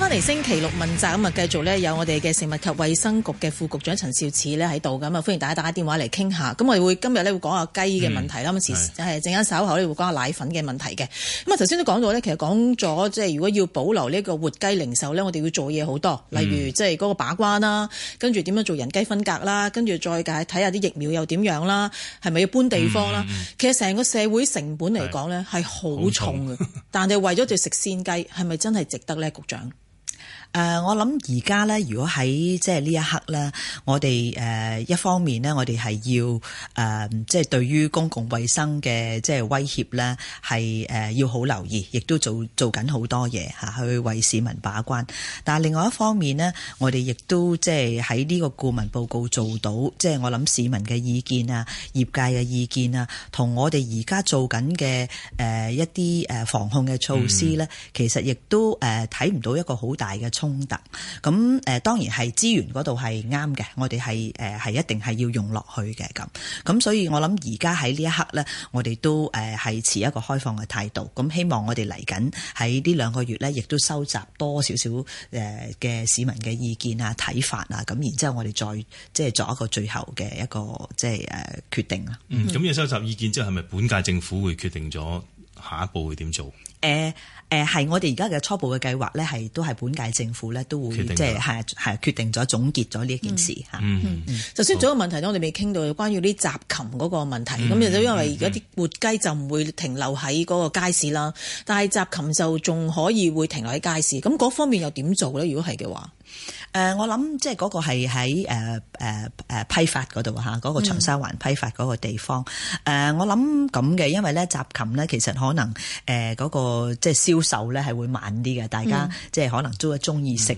翻嚟星期六問責，咁啊，繼續咧有我哋嘅食物及衛生局嘅副局長陳肇始咧喺度。咁啊，歡迎大家打電話嚟傾下。咁我哋會今日咧會講下雞嘅問題啦。咁時係陣間稍後咧會講下奶粉嘅問題嘅。咁啊頭先都講到咧，其實講咗即係如果要保留呢個活雞零售咧，我哋要做嘢好多，例如即係嗰個把關啦，跟住點樣做人雞分隔啦，跟住再睇下啲疫苗又點樣啦，係咪要搬地方啦，嗯？其實成個社會成本嚟講咧係好重嘅，重 但係為咗對食鮮雞係咪真係值得咧，局長？誒，我諗而家咧，如果喺即係呢一刻咧，我哋誒一方面咧，我哋係要誒，即係對於公共衛生嘅即係威脅咧，係誒要好留意，亦都做做緊好多嘢吓，去為市民把關。但係另外一方面呢，我哋亦都即係喺呢個顧問報告做到，即係我諗市民嘅意見啊、業界嘅意見啊，同我哋而家做緊嘅誒一啲誒防控嘅措施咧、嗯，其實亦都誒睇唔到一個好大嘅衝突。公德咁誒，當然係資源嗰度係啱嘅，我哋係誒係一定係要用落去嘅，咁。咁所以我想現在在這一刻，我諗而家喺呢一刻咧，我哋都誒係持一個開放嘅態度。咁希望我哋嚟緊喺呢兩個月咧，亦都收集多少少誒嘅市民嘅意見啊、睇法啊。咁然之後，我哋再即係作一個最後嘅一個即係誒決定啦。嗯，咁要收集意見之後，係咪本屆政府會決定咗下一步會點做？誒、呃。誒係我哋而家嘅初步嘅計劃咧，係都係本屆政府咧都會即係係係決定咗、就是、總結咗呢一件事嗯嗯。首、嗯嗯、先，仲有個問題，我哋未傾到關關於啲雜禽嗰個問題。咁、嗯、就因為而家啲活雞就唔會停留喺嗰個街市啦、嗯嗯，但係雜禽就仲可以會停留喺街市。咁嗰方面又點做咧？如果係嘅話？誒、呃，我諗即係嗰個係喺誒誒誒批發嗰度吓，嗰、那個長沙灣批發嗰個地方。誒、嗯呃，我諗咁嘅，因為咧集琴咧其實可能誒嗰、呃那個即係銷售咧係會慢啲嘅，大家即係可能都係鍾意食誒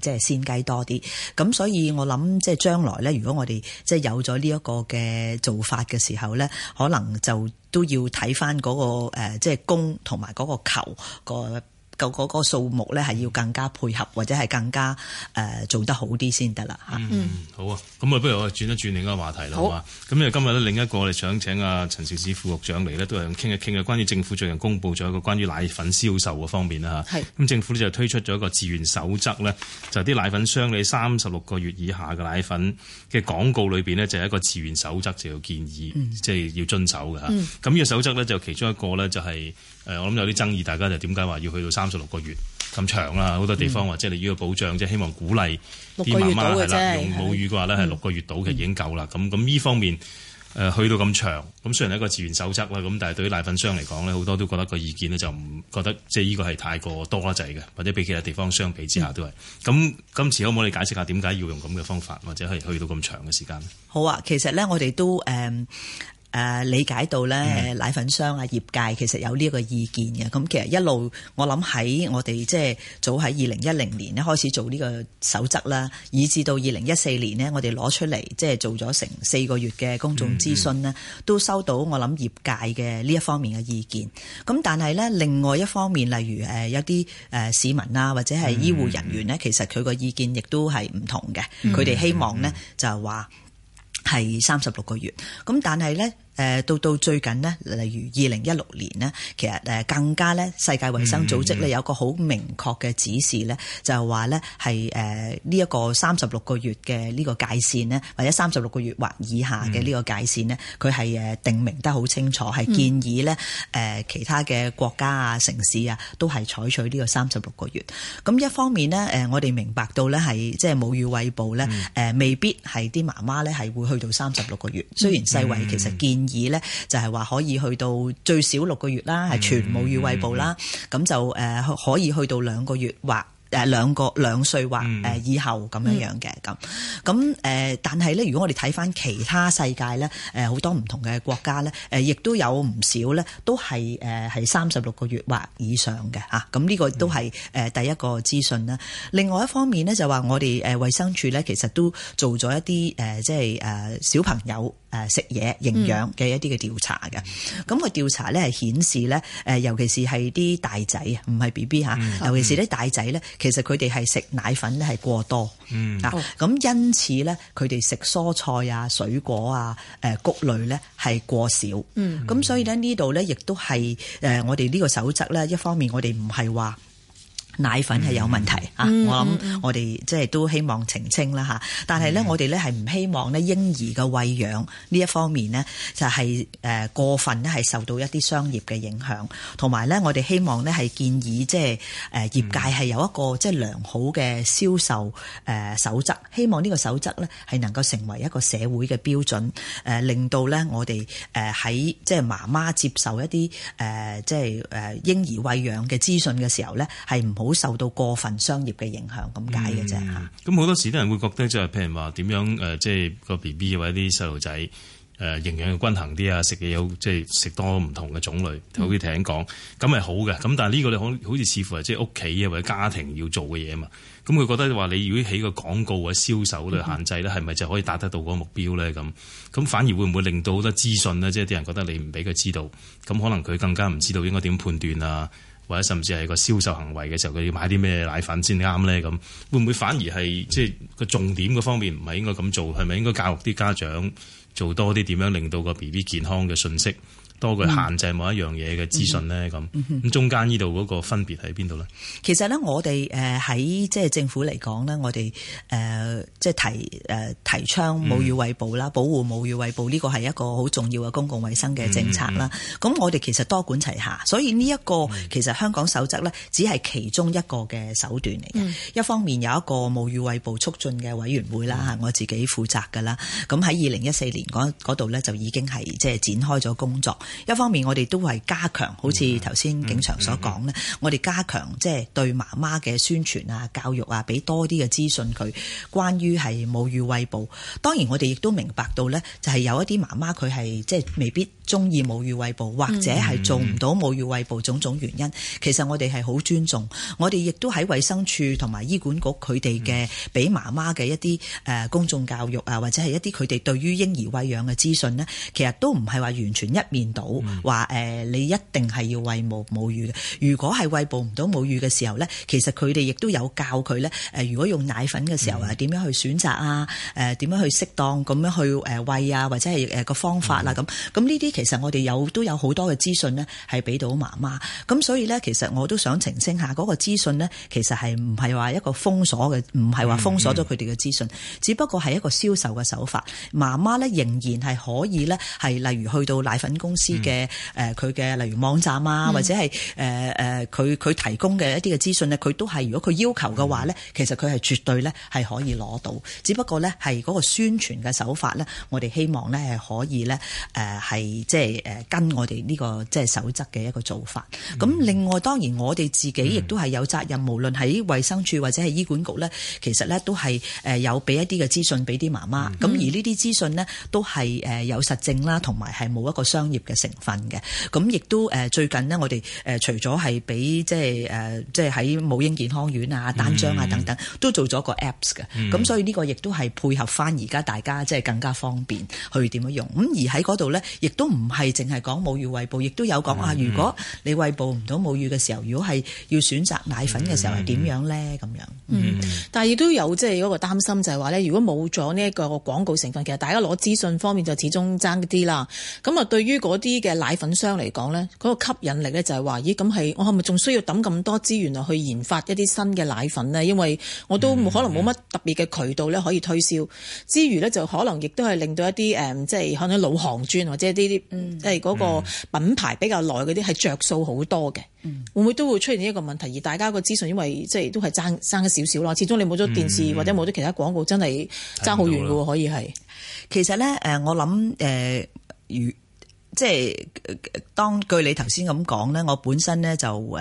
即係鮮雞多啲。咁所以我諗即係將來咧，如果我哋即係有咗呢一個嘅做法嘅時候咧，可能就都要睇返嗰個誒、呃、即係供同埋嗰個求。那個。個嗰個，個數目咧係要更加配合，或者係更加誒、呃、做得好啲先得啦，嗯，好啊，咁啊，不如我轉一轉另一個話題啦，好嘛？咁因為今日咧，另一個我哋想請阿陳肇始副局長嚟咧，都係傾一傾嘅，關於政府最近公布咗一個關於奶粉銷售嘅方面啦咁、啊、政府咧就推出咗一個自願守則咧，就啲、是、奶粉商你三十六個月以下嘅奶粉嘅廣告裏面呢，就係、是、一個自願守則，就要建議，即、嗯、係、就是、要遵守嘅咁呢個守則咧，就其中一個咧、就是，就係。誒，我諗有啲爭議，大家就點解話要去到三十、嗯、六個月咁長啦？好多地方話，即係你呢個保障，即係希望鼓勵啲媽媽用母乳嘅話呢係六個月到、嗯、其實已經夠啦。咁咁呢方面、呃、去到咁長，咁雖然係一個自願守則啦，咁但係對於奶粉商嚟講呢好多都覺得個意見呢就唔覺得，即係呢個係太過多得滯嘅，或者比其他地方相比之下都係。咁、嗯、今次可唔可以解釋下點解要用咁嘅方法，或者係去到咁長嘅時間呢？好啊，其實呢，我哋都、uh, 誒、啊、理解到咧奶、嗯、粉商啊業界其實有呢一個意見嘅，咁其實一路我諗喺我哋即係早喺二零一零年開始做呢個守則啦，以至到二零一四年呢，我哋攞出嚟即係做咗成四個月嘅公眾諮詢呢，都收到我諗業界嘅呢一方面嘅意見。咁但係咧另外一方面，例如誒有啲誒、呃、市民啊或者係醫護人員咧、嗯，其實佢個意見亦都係唔同嘅，佢、嗯、哋希望咧、嗯、就係話，係三十六個月，咁但係咧。誒到到最近呢，例如二零一六年呢，其實更加咧，世界衛生組織咧有個好明確嘅指示咧、嗯嗯嗯，就係、話、呢，咧係誒呢一個三十六個月嘅呢個界線呢，或者三十六個月或以下嘅呢個界線呢，佢係誒定明得好清楚，係、嗯、建議呢誒其他嘅國家啊、城市啊，都係採取呢個三十六個月。咁一方面呢，誒我哋明白到咧係即係母乳餵哺咧，誒、嗯、未必係啲媽媽咧係會去到三十六個月、嗯嗯，雖然世衛其實建議以咧就係、是、話可以去到最少六個月啦，係、嗯嗯嗯、全母乳餵哺啦，咁、嗯嗯、就可以去到兩個月或誒兩個兩歲或誒以後咁、嗯嗯、樣樣嘅咁，咁但係咧，如果我哋睇翻其他世界咧，好多唔同嘅國家咧，亦都有唔少咧，都係係三十六個月或以上嘅嚇，咁、這、呢個都係第一個資訊啦、嗯嗯。另外一方面咧就話我哋誒衛生署咧其實都做咗一啲即係小朋友。誒，食嘢營養嘅一啲嘅調查嘅，咁、嗯個調查咧係顯示咧，誒，尤其是係啲大仔，唔係 B B 吓，尤其是啲大仔咧，其實佢哋係食奶粉係過多，啊、嗯，咁、嗯、因此咧，佢哋食蔬菜啊、水果啊、誒穀類咧係過少，咁、嗯、所以咧呢度咧亦都係誒，我哋呢個守則咧，一方面我哋唔係話。奶粉係有問題吓，mm -hmm. 我諗我哋即係都希望澄清啦吓，mm -hmm. 但係咧，我哋咧係唔希望咧嬰兒嘅餵養呢一方面咧，就係誒過分咧係受到一啲商業嘅影響，同埋咧，我哋希望咧係建議即係誒業界係有一個即係良好嘅銷售誒守則，mm -hmm. 希望呢個守則咧係能夠成為一個社會嘅標準誒令到咧我哋誒喺即係媽媽接受一啲誒即係誒嬰兒餵養嘅資訊嘅時候咧係唔好。好受到過分商業嘅影響咁解嘅啫嚇。咁、嗯、好、嗯嗯、多時啲人會覺得即係譬如話點樣誒，即係個 B B 或者啲細路仔誒營養要均衡啲啊，食嘢有即係食多唔同嘅種類，嗯、好似聽講咁係好嘅。咁但係呢個你好好似似乎係即係屋企或者家庭要做嘅嘢嘛。咁、嗯、佢、嗯、覺得話你如果起一個廣告或者銷售嗰度限制咧，係、嗯、咪就可以達得到嗰個目標咧？咁咁反而會唔會令到好多資訊呢？即係啲人覺得你唔俾佢知道，咁可能佢更加唔知道應該點判斷啊？或者甚至係個銷售行為嘅時候，佢要買啲咩奶粉先啱咧？咁會唔會反而係即係個重點嘅方面唔係應該咁做？係咪應該教育啲家長做多啲點樣令到個 BB 健康嘅信息？多佢限制某一樣嘢嘅資訊咧，咁、嗯、咁、嗯嗯嗯、中間呢度嗰個分別喺邊度咧？其實咧，我哋誒喺即係政府嚟講咧，我哋誒即係提誒提倡母乳餵哺啦、嗯，保護母乳餵哺呢個係一個好重要嘅公共衛生嘅政策啦。咁、嗯、我哋其實多管齊下，所以呢一個其實香港守則咧，只係其中一個嘅手段嚟嘅、嗯。一方面有一個母乳餵哺促進嘅委員會啦、嗯，我自己負責㗎啦。咁喺二零一四年嗰度咧，就已經係即係展開咗工作。一方面我、嗯嗯嗯，我哋都係加強好似頭先景祥所講咧，我哋加強即係對媽媽嘅宣傳啊、教育啊，俾多啲嘅資訊。佢，關於係母乳餵哺。當然，我哋亦都明白到咧，就係、是、有一啲媽媽佢係即係未必中意母乳餵哺，或者係做唔到母乳餵哺，種種原因。嗯嗯、其實我哋係好尊重，我哋亦都喺衛生署同埋醫管局佢哋嘅俾媽媽嘅一啲誒公眾教育啊，或者係一啲佢哋對於嬰兒餵養嘅資訊咧，其實都唔係話完全一面。到話誒，你一定係要餵母母乳嘅。如果係餵哺唔到母乳嘅時候咧，其實佢哋亦都有教佢咧誒如果用奶粉嘅時候啊，點、嗯、樣去選擇啊？誒、呃、點樣去適當咁樣去誒餵啊？或者係誒個方法啦咁。咁呢啲其實我哋有都有好多嘅資訊咧，係俾到媽媽，咁所以咧，其實我都想澄清下嗰個資訊咧，其實係唔係話一個封鎖嘅？唔係話封鎖咗佢哋嘅資訊，只不過係一個銷售嘅手法。媽媽咧仍然係可以咧，係例如去到奶粉公司。啲嘅誒佢嘅，例如網站啊、嗯，或者係誒誒佢佢提供嘅一啲嘅資訊咧，佢都係如果佢要求嘅話咧、嗯，其實佢係絕對咧係可以攞到、嗯，只不過咧係嗰個宣傳嘅手法咧，我哋希望咧係可以咧誒係即係誒跟我哋呢、呢個即係、就是、守則嘅一個做法。咁、嗯、另外當然我哋自己亦都係有責任，嗯、無論喺衛生署或者係醫管局咧，其實咧都係誒有俾一啲嘅資訊俾啲媽媽，咁、嗯、而呢啲資訊咧都係誒有實證啦，同埋係冇一個商業嘅。成分嘅，咁亦都、呃、最近呢，我哋、呃、除咗係俾即係、呃、即係喺母嬰健康院啊、單張啊等等，嗯、都做咗個 Apps 嘅。咁、嗯、所以呢個亦都係配合翻而家大家即係更加方便去點樣用。咁而喺嗰度呢，亦都唔係淨係講母乳餵哺，亦都有講、嗯、啊。如果你餵哺唔到母乳嘅時候，如果係要選擇奶粉嘅時候係點樣呢？咁樣、嗯嗯，嗯，但係亦都有即係嗰個擔心就係話呢，如果冇咗呢一個廣告成分，其實大家攞資訊方面就始終爭啲啦。咁啊，對於嗰。啲嘅奶粉商嚟講咧，嗰個吸引力咧就係話：咦，咁係我係咪仲需要抌咁多資源落去研發一啲新嘅奶粉咧？因為我都唔可能冇乜特別嘅渠道咧可以推銷，mm -hmm. 之餘咧就可能亦都係令到一啲誒、嗯，即係可能老行專或者一啲啲，即係嗰個品牌比較耐嗰啲係着數好多嘅。Mm -hmm. 會唔會都會出現一個問題？而大家個資訊因為即係都係爭爭一少少咯，始終你冇咗電視、mm -hmm. 或者冇咗其他廣告，真係爭好遠嘅可以係。其實咧誒，我諗誒、呃、如。即係當據你頭先咁講咧，我本身咧就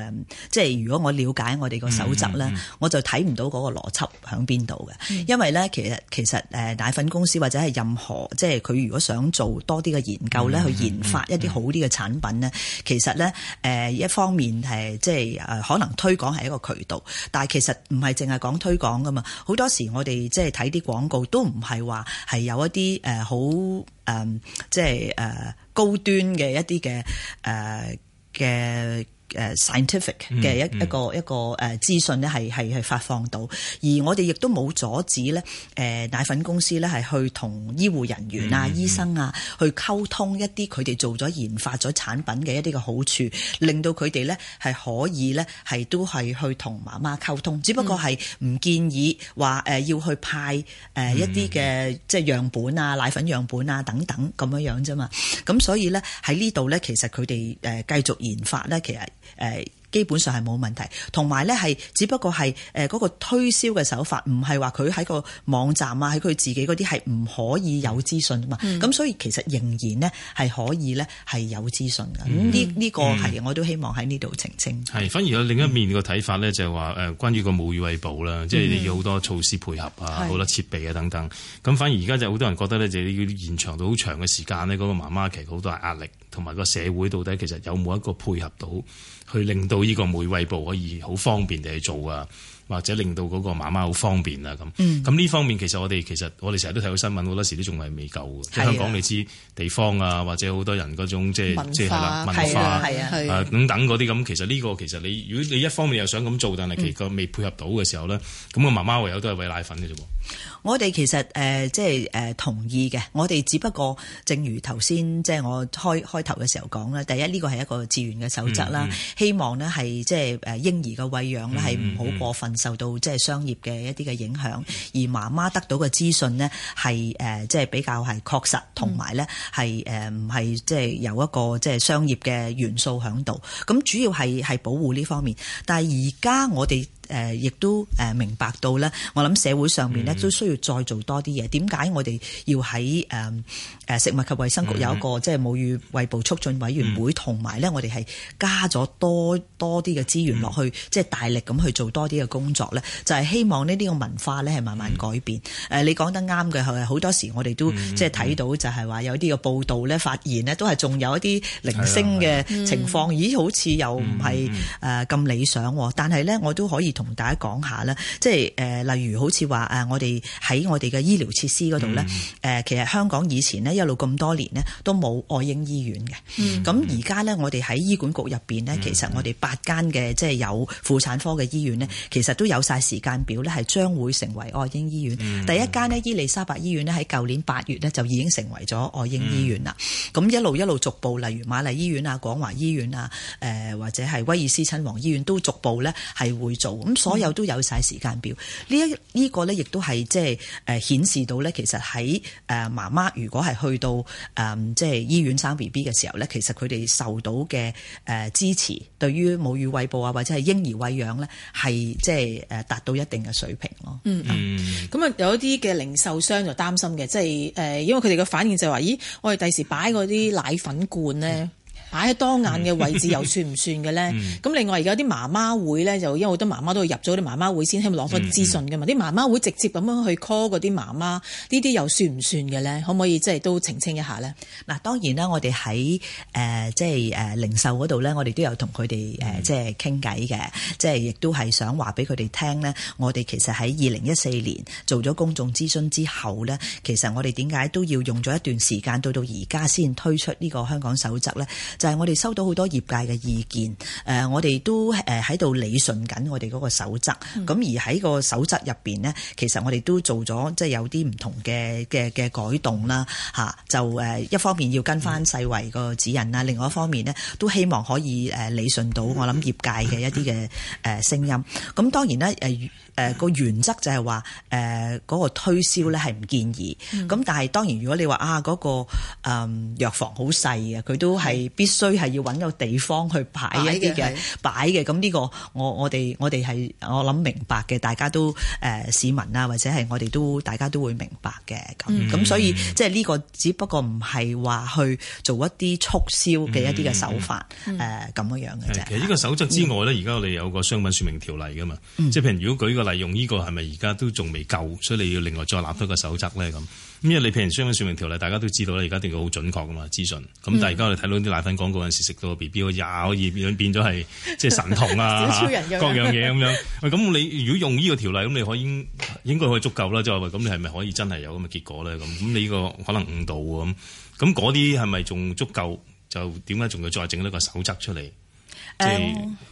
即係如果我了解我哋個守則咧，mm -hmm. 我就睇唔到嗰個邏輯喺邊度嘅。Mm -hmm. 因為咧，其實其實奶粉公司或者係任何即係佢如果想做多啲嘅研究咧，mm -hmm. 去研發一啲好啲嘅產品咧，mm -hmm. 其實咧誒一方面係即係可能推廣係一個渠道，但係其實唔係淨係講推廣噶嘛。好多時，我哋即係睇啲廣告都唔係話係有一啲誒好。誒，um，即係誒高端嘅一啲嘅誒嘅。Uh，的 scientific 嘅一一個一個誒資訊咧係係係發放到，嗯嗯、而我哋亦都冇阻止咧誒奶粉公司咧係去同醫護人員啊、嗯嗯、醫生啊去溝通一啲佢哋做咗研發咗產品嘅一啲嘅好處，令到佢哋咧係可以咧係都係去同媽媽溝通，只不過係唔建議話要去派誒一啲嘅即係樣本啊、嗯嗯、奶粉樣本啊等等咁樣樣啫嘛。咁所以咧喺呢度咧，其實佢哋繼續研發咧，其實。誒基本上係冇問題，同埋咧係只不過係誒嗰個推銷嘅手法，唔係話佢喺個網站啊，喺佢自己嗰啲係唔可以有資訊啊嘛。咁、嗯、所以其實仍然呢係可以呢係有資訊嘅。呢、嗯、呢、呢個係、嗯、我都希望喺呢度澄清。係反而有另一面嘅睇法呢、嗯，就係話誒關於個母乳餵哺啦，即係要好多措施配合啊，好多設備啊等等。咁反而而家就好多人覺得呢，就要延長到好長嘅時間呢。嗰、嗰個媽媽其實好多係壓力。同埋個社會到底其實有冇一個配合到，去令到呢個餵哺可以好方便地去做啊？或者令到嗰個媽媽好方便啊咁，咁、嗯、呢方面其實我哋其實我哋成日都睇到新聞，好多時都仲係未夠嘅。即香港你知地方啊，或者好多人嗰種即係即係啦文化、文化啊咁等嗰啲咁。其實呢、這個其實你如果你一方面又想咁做，但係其實未配合到嘅時候咧，咁、嗯、個媽媽唯有都係餵奶粉嘅啫喎。我哋其實誒即係誒同意嘅，我哋只不過正如頭先即係我開開頭嘅時候講啦，第一呢個係一個自願嘅守則啦、嗯嗯，希望咧係即係誒嬰兒嘅餵養咧係唔好過分。受到即係商業嘅一啲嘅影響，而媽媽得到嘅資訊咧係誒，即係比較係確實，同埋咧係誒唔係即係有一個即係商業嘅元素響度，咁主要係係保護呢方面。但係而家我哋。誒、呃，亦都誒明白到咧，我諗社會上面咧都需要再做多啲嘢。點、嗯、解我哋要喺誒、嗯、食物及衛生局有一個、嗯、即係母乳餵哺促進委員會，同埋咧我哋係加咗多多啲嘅資源落去，嗯、即係大力咁去做多啲嘅工作咧，就係、是、希望呢啲個文化咧係慢慢改變。誒、嗯，你講得啱嘅，係好多時我哋都即係睇到，就係話有啲嘅報道咧、發現呢都係仲有一啲零星嘅情況，咦、嗯嗯？好似又唔係誒咁理想。但係咧，我都可以。同大家講下啦，即係誒，例如好似話啊，我哋喺我哋嘅醫療設施嗰度呢，誒、嗯，其實香港以前呢一路咁多年呢都冇愛嬰醫院嘅。咁而家呢，我哋喺醫管局入面呢、嗯，其實我哋八間嘅即係有婦產科嘅醫院呢、嗯，其實都有晒時間表呢係將會成為愛嬰醫院。嗯、第一間呢，伊利沙伯醫院呢，喺舊年八月呢就已經成為咗愛嬰醫院啦。咁、嗯、一路一路逐步，例如瑪麗醫院啊、廣華醫院啊，誒、呃、或者係威爾斯親王醫院都逐步呢係會做。咁、嗯、所有都有晒時間表，呢一呢個咧，亦都係即係誒顯示到咧，其實喺誒媽媽如果係去到誒即係醫院生 B B 嘅時候咧，其實佢哋受到嘅誒支持，對於母乳餵哺啊，或者係嬰兒餵養咧，係即係誒達到一定嘅水平咯。嗯，咁、嗯、啊，有啲嘅零售商就擔心嘅，即係誒，因為佢哋嘅反應就係、是、話，咦，我哋第時擺嗰啲奶粉罐咧。嗯擺喺當眼嘅位置又算唔算嘅咧？咁、 嗯、另外而家啲媽媽會咧，就因為好多媽媽都會入咗啲媽媽會先希望攞返資訊㗎嘛。啲、嗯嗯、媽媽會直接咁樣去 call 嗰啲媽媽，呢啲又算唔算嘅咧？可唔可以即係都澄清一下咧？嗱，當然啦，我哋喺即係零售嗰度咧，我哋都有同佢哋即係傾偈嘅，即係亦都係想話俾佢哋聽咧。我哋其實喺二零一四年做咗公眾諮詢之後咧，其實我哋點解都要用咗一段時間到到而家先推出呢個香港守則咧？但係我哋收到好多業界嘅意見，誒，我哋都誒喺度理順緊我哋嗰個守則，咁、嗯、而喺個守則入邊呢，其實我哋都做咗即係有啲唔同嘅嘅嘅改動啦，嚇就誒一方面要跟翻世衞個指引啦、嗯，另外一方面呢都希望可以誒理順到我諗業界嘅一啲嘅誒聲音，咁 當然啦。誒。誒、呃、個原則就係話誒嗰個推銷咧係唔建議，咁、嗯、但係當然如果你話啊嗰、那個誒、呃、藥房好細嘅，佢都係必須係要揾個地方去擺一啲嘅擺嘅，咁呢個我我哋我哋係我諗明白嘅，大家都誒、呃、市民啊，或者係我哋都大家都會明白嘅咁，咁、嗯、所以即係呢個只不過唔係話去做一啲促銷嘅一啲嘅手法誒咁、嗯呃嗯、樣嘅啫。其實呢個守則之外咧，而、嗯、家我哋有個商品說明條例噶嘛，即係譬如如果舉個。利用呢個係咪而家都仲未夠，所以你要另外再立多個守則咧咁。因為你譬如商品說明條例，大家都知道咧，而家一定要好準確噶嘛，資訊。咁但係而家我哋睇到啲奶粉廣告嗰陣時，食到個 B B，廿可以變咗係即係神童啊， 各樣嘢咁樣。咁 你如果用呢個條例，咁你可以應該可以足夠啦。即係話咁，你係咪可以真係有咁嘅結果咧？咁咁你呢個可能誤導啊咁。咁嗰啲係咪仲足夠？就點解仲要再整呢個守則出嚟？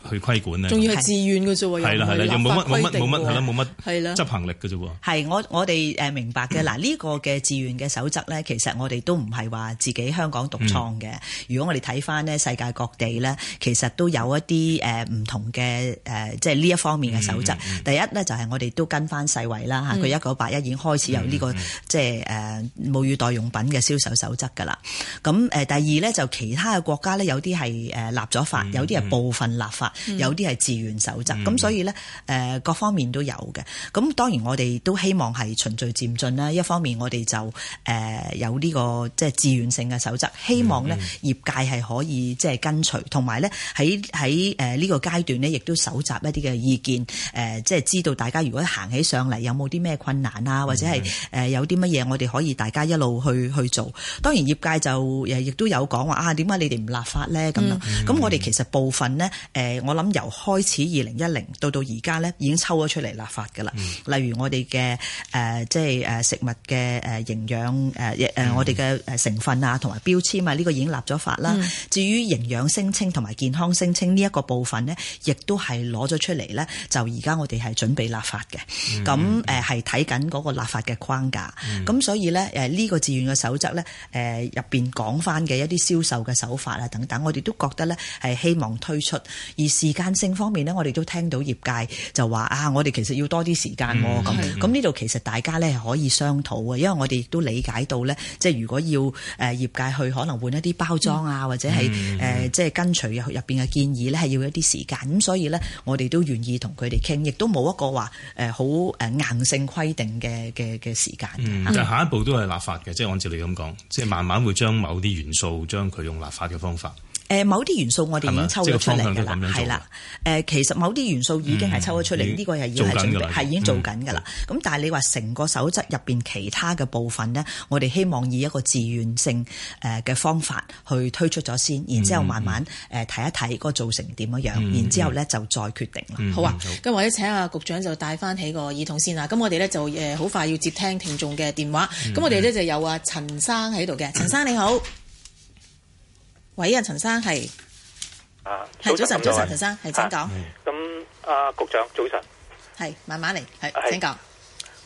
去規管咧，仲、嗯、要係自願嘅啫喎，係啦係啦，又冇乜冇乜冇乜係啦冇乜執行力嘅啫喎。係我我哋誒明白嘅嗱，呢、 這個嘅自願嘅守則咧，其實我哋都唔係話自己香港獨創嘅、嗯。如果我哋睇翻呢，世界各地咧，其實都有一啲誒唔同嘅誒，即係呢一方面嘅守則。嗯嗯、第一咧就係、是、我哋都跟翻世衞啦嚇，佢一九八一已經開始有呢、這個、嗯嗯、即係誒母乳代用品嘅銷售守，守則㗎啦。咁誒第二咧就其他嘅國家咧有啲係誒立咗法，有啲人。嗯部分立法、嗯、有啲係自願守則，咁、嗯、所以咧，誒、呃、各方面都有嘅。咁當然我哋都希望係循序漸進啦。一方面我哋就誒、呃、有呢、呢個即係自願性嘅守則，希望咧、嗯、業界係可以即係跟隨同埋咧喺喺誒呢個階段咧，亦都搜集一啲嘅意見誒、呃、即係知道大家如果行起上嚟有冇啲咩困難啊，或者係誒有啲乜嘢我哋可以大家一路去去做。當然業界就誒亦都有講話啊，點解你哋唔立法咧咁樣咁、嗯嗯、我哋其實部分。份咧，誒，我諗由開始二零一零到到而家咧，已經抽咗出嚟立法㗎啦。例如我哋嘅誒，即係誒食物嘅誒營養誒誒，我哋嘅誒成分啊，同埋標籤啊，呢個已經立咗法啦。至於營養聲稱同埋健康聲稱呢一個部分呢，亦都係攞咗出嚟呢，就而家我哋係準備立法嘅。咁誒係睇緊嗰個立法嘅框架。咁所以呢，誒呢個志願嘅守則呢，誒入邊講返嘅一啲銷售嘅手法啊等等，我哋都覺得呢係希望推。推出而時間性方面呢，我哋都聽到業界就話啊，我哋其實要多啲時間喎咁。咁呢度其實大家呢係可以商討嘅，因為我哋亦都理解到呢，即係如果要誒業界去可能換一啲包裝啊、嗯，或者係誒即係跟隨入邊嘅建議呢，係要一啲時間。咁所以呢，我哋都願意同佢哋傾，亦都冇一個話誒好誒硬性規定嘅嘅嘅時間。就、嗯嗯、下一步都係立法嘅，即係按照你咁講，即係慢慢會將某啲元素將佢用立法嘅方法。誒、呃、某啲元素我哋已經抽咗出嚟㗎啦，啦、呃。其實某啲元素已經係抽咗出嚟，呢、嗯這個係已經係準備係已經做緊㗎啦。咁、嗯、但係你話成個守則入面其他嘅部分呢，我哋希望以一個自願性嘅方法去推出咗先，然之後慢慢誒睇一睇個做成點樣、嗯，然之後咧、嗯嗯、就再決定啦、嗯。好啊，咁我哋請阿局長就帶翻起個耳筒先啦。咁我哋咧就好快要接聽聽眾嘅電話。咁我哋咧就有阿、啊、陳生喺度嘅，陳生你好。嗯喂，陳生係，啊，係早晨，早晨，陳生係，請講。咁阿局長早晨，係、啊啊、慢慢嚟，係請講。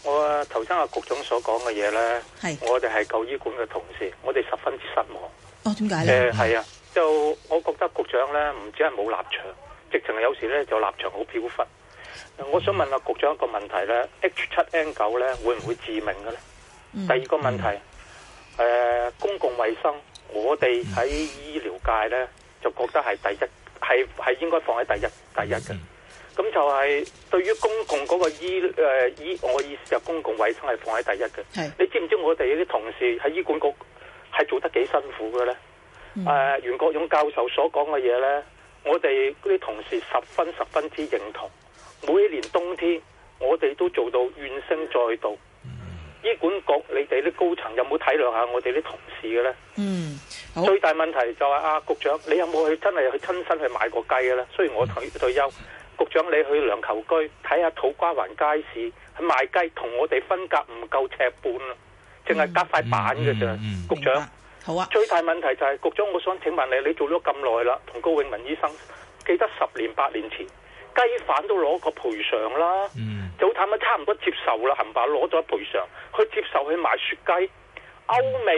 我頭先阿局長所講嘅嘢咧，係我哋係舊醫館嘅同事，我哋十分之失望。哦，點解咧？誒、呃，係啊，就我覺得局長咧，唔止係冇立場，直情有時咧就立場好飄忽。我想問阿、啊、局長一個問題咧：H 七 N 九咧會唔會致命嘅咧、嗯？第二個問題，誒、嗯呃，公共衛生。我哋喺醫療界呢，就覺得係第一，係係應該放喺第一、第一嘅。咁就係對於公共嗰個醫誒、呃、我意思就公共衞生係放喺第一嘅。你知唔知我哋啲同事喺醫管局係做得幾辛苦嘅呢？誒、嗯呃，袁國勇教授所講嘅嘢呢，我哋嗰啲同事十分十分之認同。每一年冬天，我哋都做到怨聲載道。醫管局，你哋啲高層有冇體諒下我哋啲同事嘅呢？嗯，最大問題就係、是、啊，局長，你有冇去真係去親身去買過雞嘅呢？雖然我退退休、嗯，局長你去梁球居睇下土瓜灣街市去賣雞，同我哋分隔唔夠尺半啊，淨係隔塊板嘅啫、嗯嗯嗯。局長，好啊，最大問題就係、是、局長，我想請問你，你做咗咁耐啦，同高永文醫生記得十年、八年前。雞販都攞個賠償啦，早、嗯、淡咪差唔多接受啦，係嘛攞咗賠償，去接受去買雪雞。歐美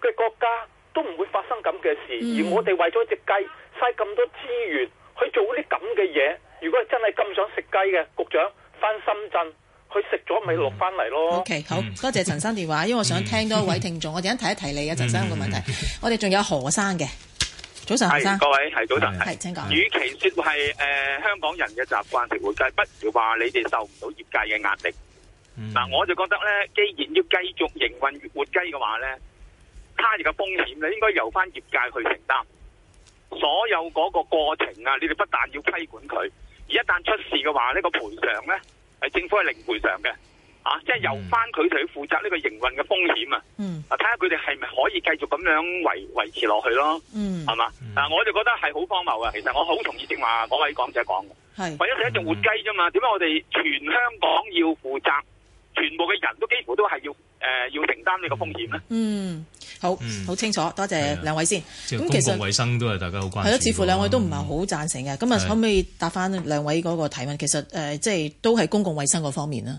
嘅國家都唔會發生咁嘅事、嗯，而我哋為咗隻雞嘥咁多資源去做啲咁嘅嘢。如果係真係咁想食雞嘅，局長返深圳去食咗咪落返嚟咯？OK，好，多謝，謝陳生電話，因為我想聽多一位聽眾，嗯嗯、我哋一提一提你啊，陳生、嗯嗰個問題、嗯、我哋仲有何生嘅。早晨，各位係早晨。係，請講。與其說係誒、呃、香港人嘅習慣食活雞，如不如話你哋受唔到業界嘅壓力。嗱、嗯啊，我就覺得咧，既然要繼續營運活雞嘅話咧，差嘢嘅風險咧，應該由翻業界去承擔。所有嗰個過程啊，你哋不但要批管佢，而一旦出事嘅話呢，那個、賠償呢個賠償咧，係政府係零賠償嘅。啊、即係由翻佢哋負責呢個營運嘅風險、嗯、啊，啊睇下佢哋係咪可以繼續咁樣維維持落去咯？嗯，係嘛、嗯啊？我就覺得係好荒謬啊。其實我好同意正話，我位講者講，係為咗你一隻活雞啫嘛。點解我哋全香港要負責全部嘅人都幾乎都係要、呃、要承擔呢個風險咧？嗯，好，好、嗯、清楚，多謝兩位先。咁、啊、其實公共衛生都係大家好關係咯、啊。似乎兩位都唔係好贊成嘅，咁、嗯、啊，可唔可以答翻兩位嗰個提問？其實、呃、即係都係公共衛生嗰方面啊。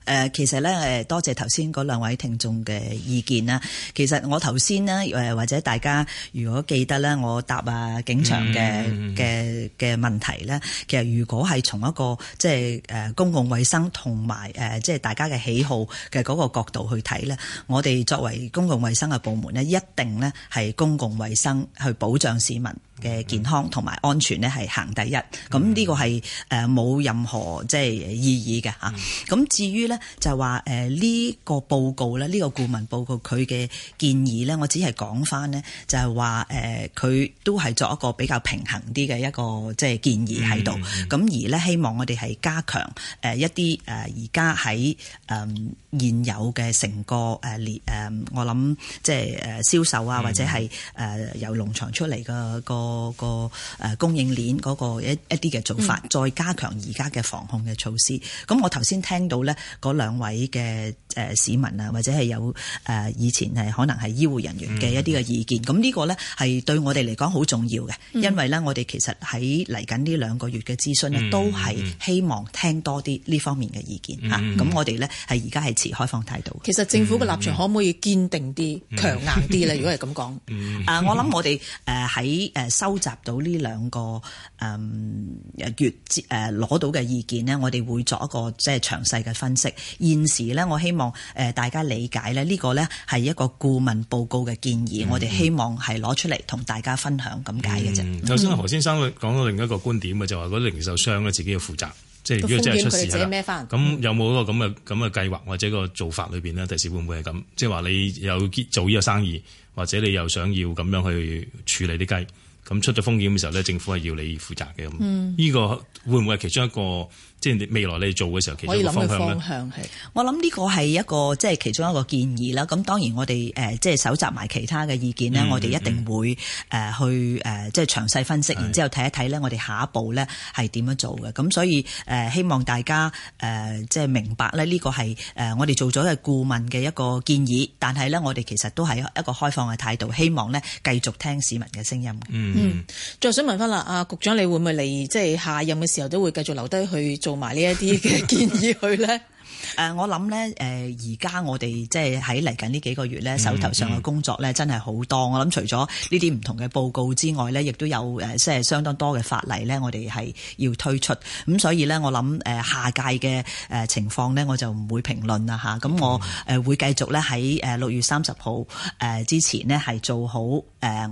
誒、呃、其實咧誒多謝頭先嗰兩位聽眾嘅意見啦。其實我頭先咧誒或者大家如果記得咧，我答啊警長嘅嘅嘅問題咧，其實如果係從一個即係誒公共衛生同埋誒即係大家嘅喜好嘅嗰個角度去睇咧，我哋作為公共衛生嘅部門咧，一定咧係公共衛生去保障市民嘅健康同埋、mm -hmm. 安全咧係行第一。咁、mm、呢 -hmm. 個係誒冇任何即係意義嘅吓，咁、啊 mm -hmm. 至於呢，咧就話誒呢個報告咧呢、呢個顧問報告佢嘅建議咧，我只係講翻呢就係話誒佢都係作一個比較平衡啲嘅一個即係、就是、建議喺度，咁、嗯嗯、而呢，希望我哋係加強誒一啲誒而家喺誒現有嘅成個誒鏈誒、呃、我諗即係誒銷售啊嗯嗯或者係誒、呃、由農場出嚟嘅個個誒供應鏈嗰個一一啲嘅做法，嗯嗯再加強而家嘅防控嘅措施。咁我頭先聽到呢。嗰兩位嘅誒、呃、市民啊，或者係有誒、呃、以前係可能係醫護人員嘅一啲嘅意見，咁、嗯、呢個咧係對我哋嚟講好重要嘅、嗯，因為咧我哋其實喺嚟緊呢兩個月嘅諮詢咧，都係希望聽多啲呢方面嘅意見吓，咁、嗯嗯啊、我哋咧係而家係持開放態度。其實政府嘅立場可唔可以堅定啲、強、嗯、硬啲咧？如果係咁講，啊，我諗我哋誒喺誒收集到呢兩個誒誒、嗯、月誒攞、啊、到嘅意見咧，我哋會作一個即係詳細嘅分析。現時咧、嗯，我希望誒大家理解咧，呢個咧係一個顧問報告嘅建議，我哋希望係攞出嚟同大家分享咁解嘅啫。頭先何先生講到另一個觀點嘅，就話、是、嗰啲零售商咧自己要負責，即係如果真係出事啦，咁、嗯、有冇一個咁嘅咁嘅計劃或者個做法裏邊呢？第時會唔會係咁？即係話你有做呢個生意，或者你又想要咁樣去處理啲雞，咁出咗風險嘅時候咧，政府係要你負責嘅咁。呢、嗯，這個會唔會係其中一個？即係未來你做嘅時候，其實可以諗嘅方向咧，我諗呢個係一個即係其中一個建議啦。咁當然我哋誒即係搜集埋其他嘅意見咧、嗯，我哋一定會誒去誒即係詳細分析，嗯、然之後睇一睇咧，我哋下一步咧係點樣做嘅。咁所以誒、呃、希望大家誒、呃、即係明白咧，呢、這個係誒我哋做咗嘅顧問嘅一個建議，但係咧我哋其實都係一個開放嘅態度，希望咧繼續聽市民嘅聲音。嗯，再想問翻啦，阿局長你會唔會嚟即係下任嘅時候都會繼續留低去做？同埋呢一啲嘅建議去咧？ 誒、呃，我諗咧，誒、呃，而家我哋即係喺嚟緊呢幾個月咧、嗯，手頭上嘅工作咧真係好多。嗯、我諗除咗呢啲唔同嘅報告之外咧，亦都有即係、呃、相當多嘅法例咧，我哋係要推出。咁所以咧，我諗誒下屆嘅誒情況咧，我就唔會評論啦嚇咁、嗯啊、我誒會繼續咧喺誒六月三十號誒之前呢，係做好誒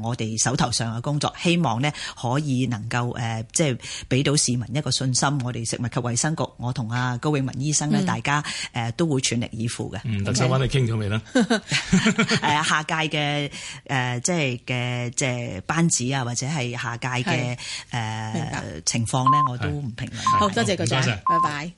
我哋手頭上嘅工作，希望呢可以能夠誒、呃，即係俾到市民一個信心。我哋食物及衛生局，我同阿高永文醫生咧、嗯，大家。誒、呃，都會全力以赴嘅。嗯，特首，我哋傾咗未啦？下屆嘅誒，即係嘅即係班子啊，或者係下屆嘅誒情況咧，我都唔評論。好多謝各位，拜拜。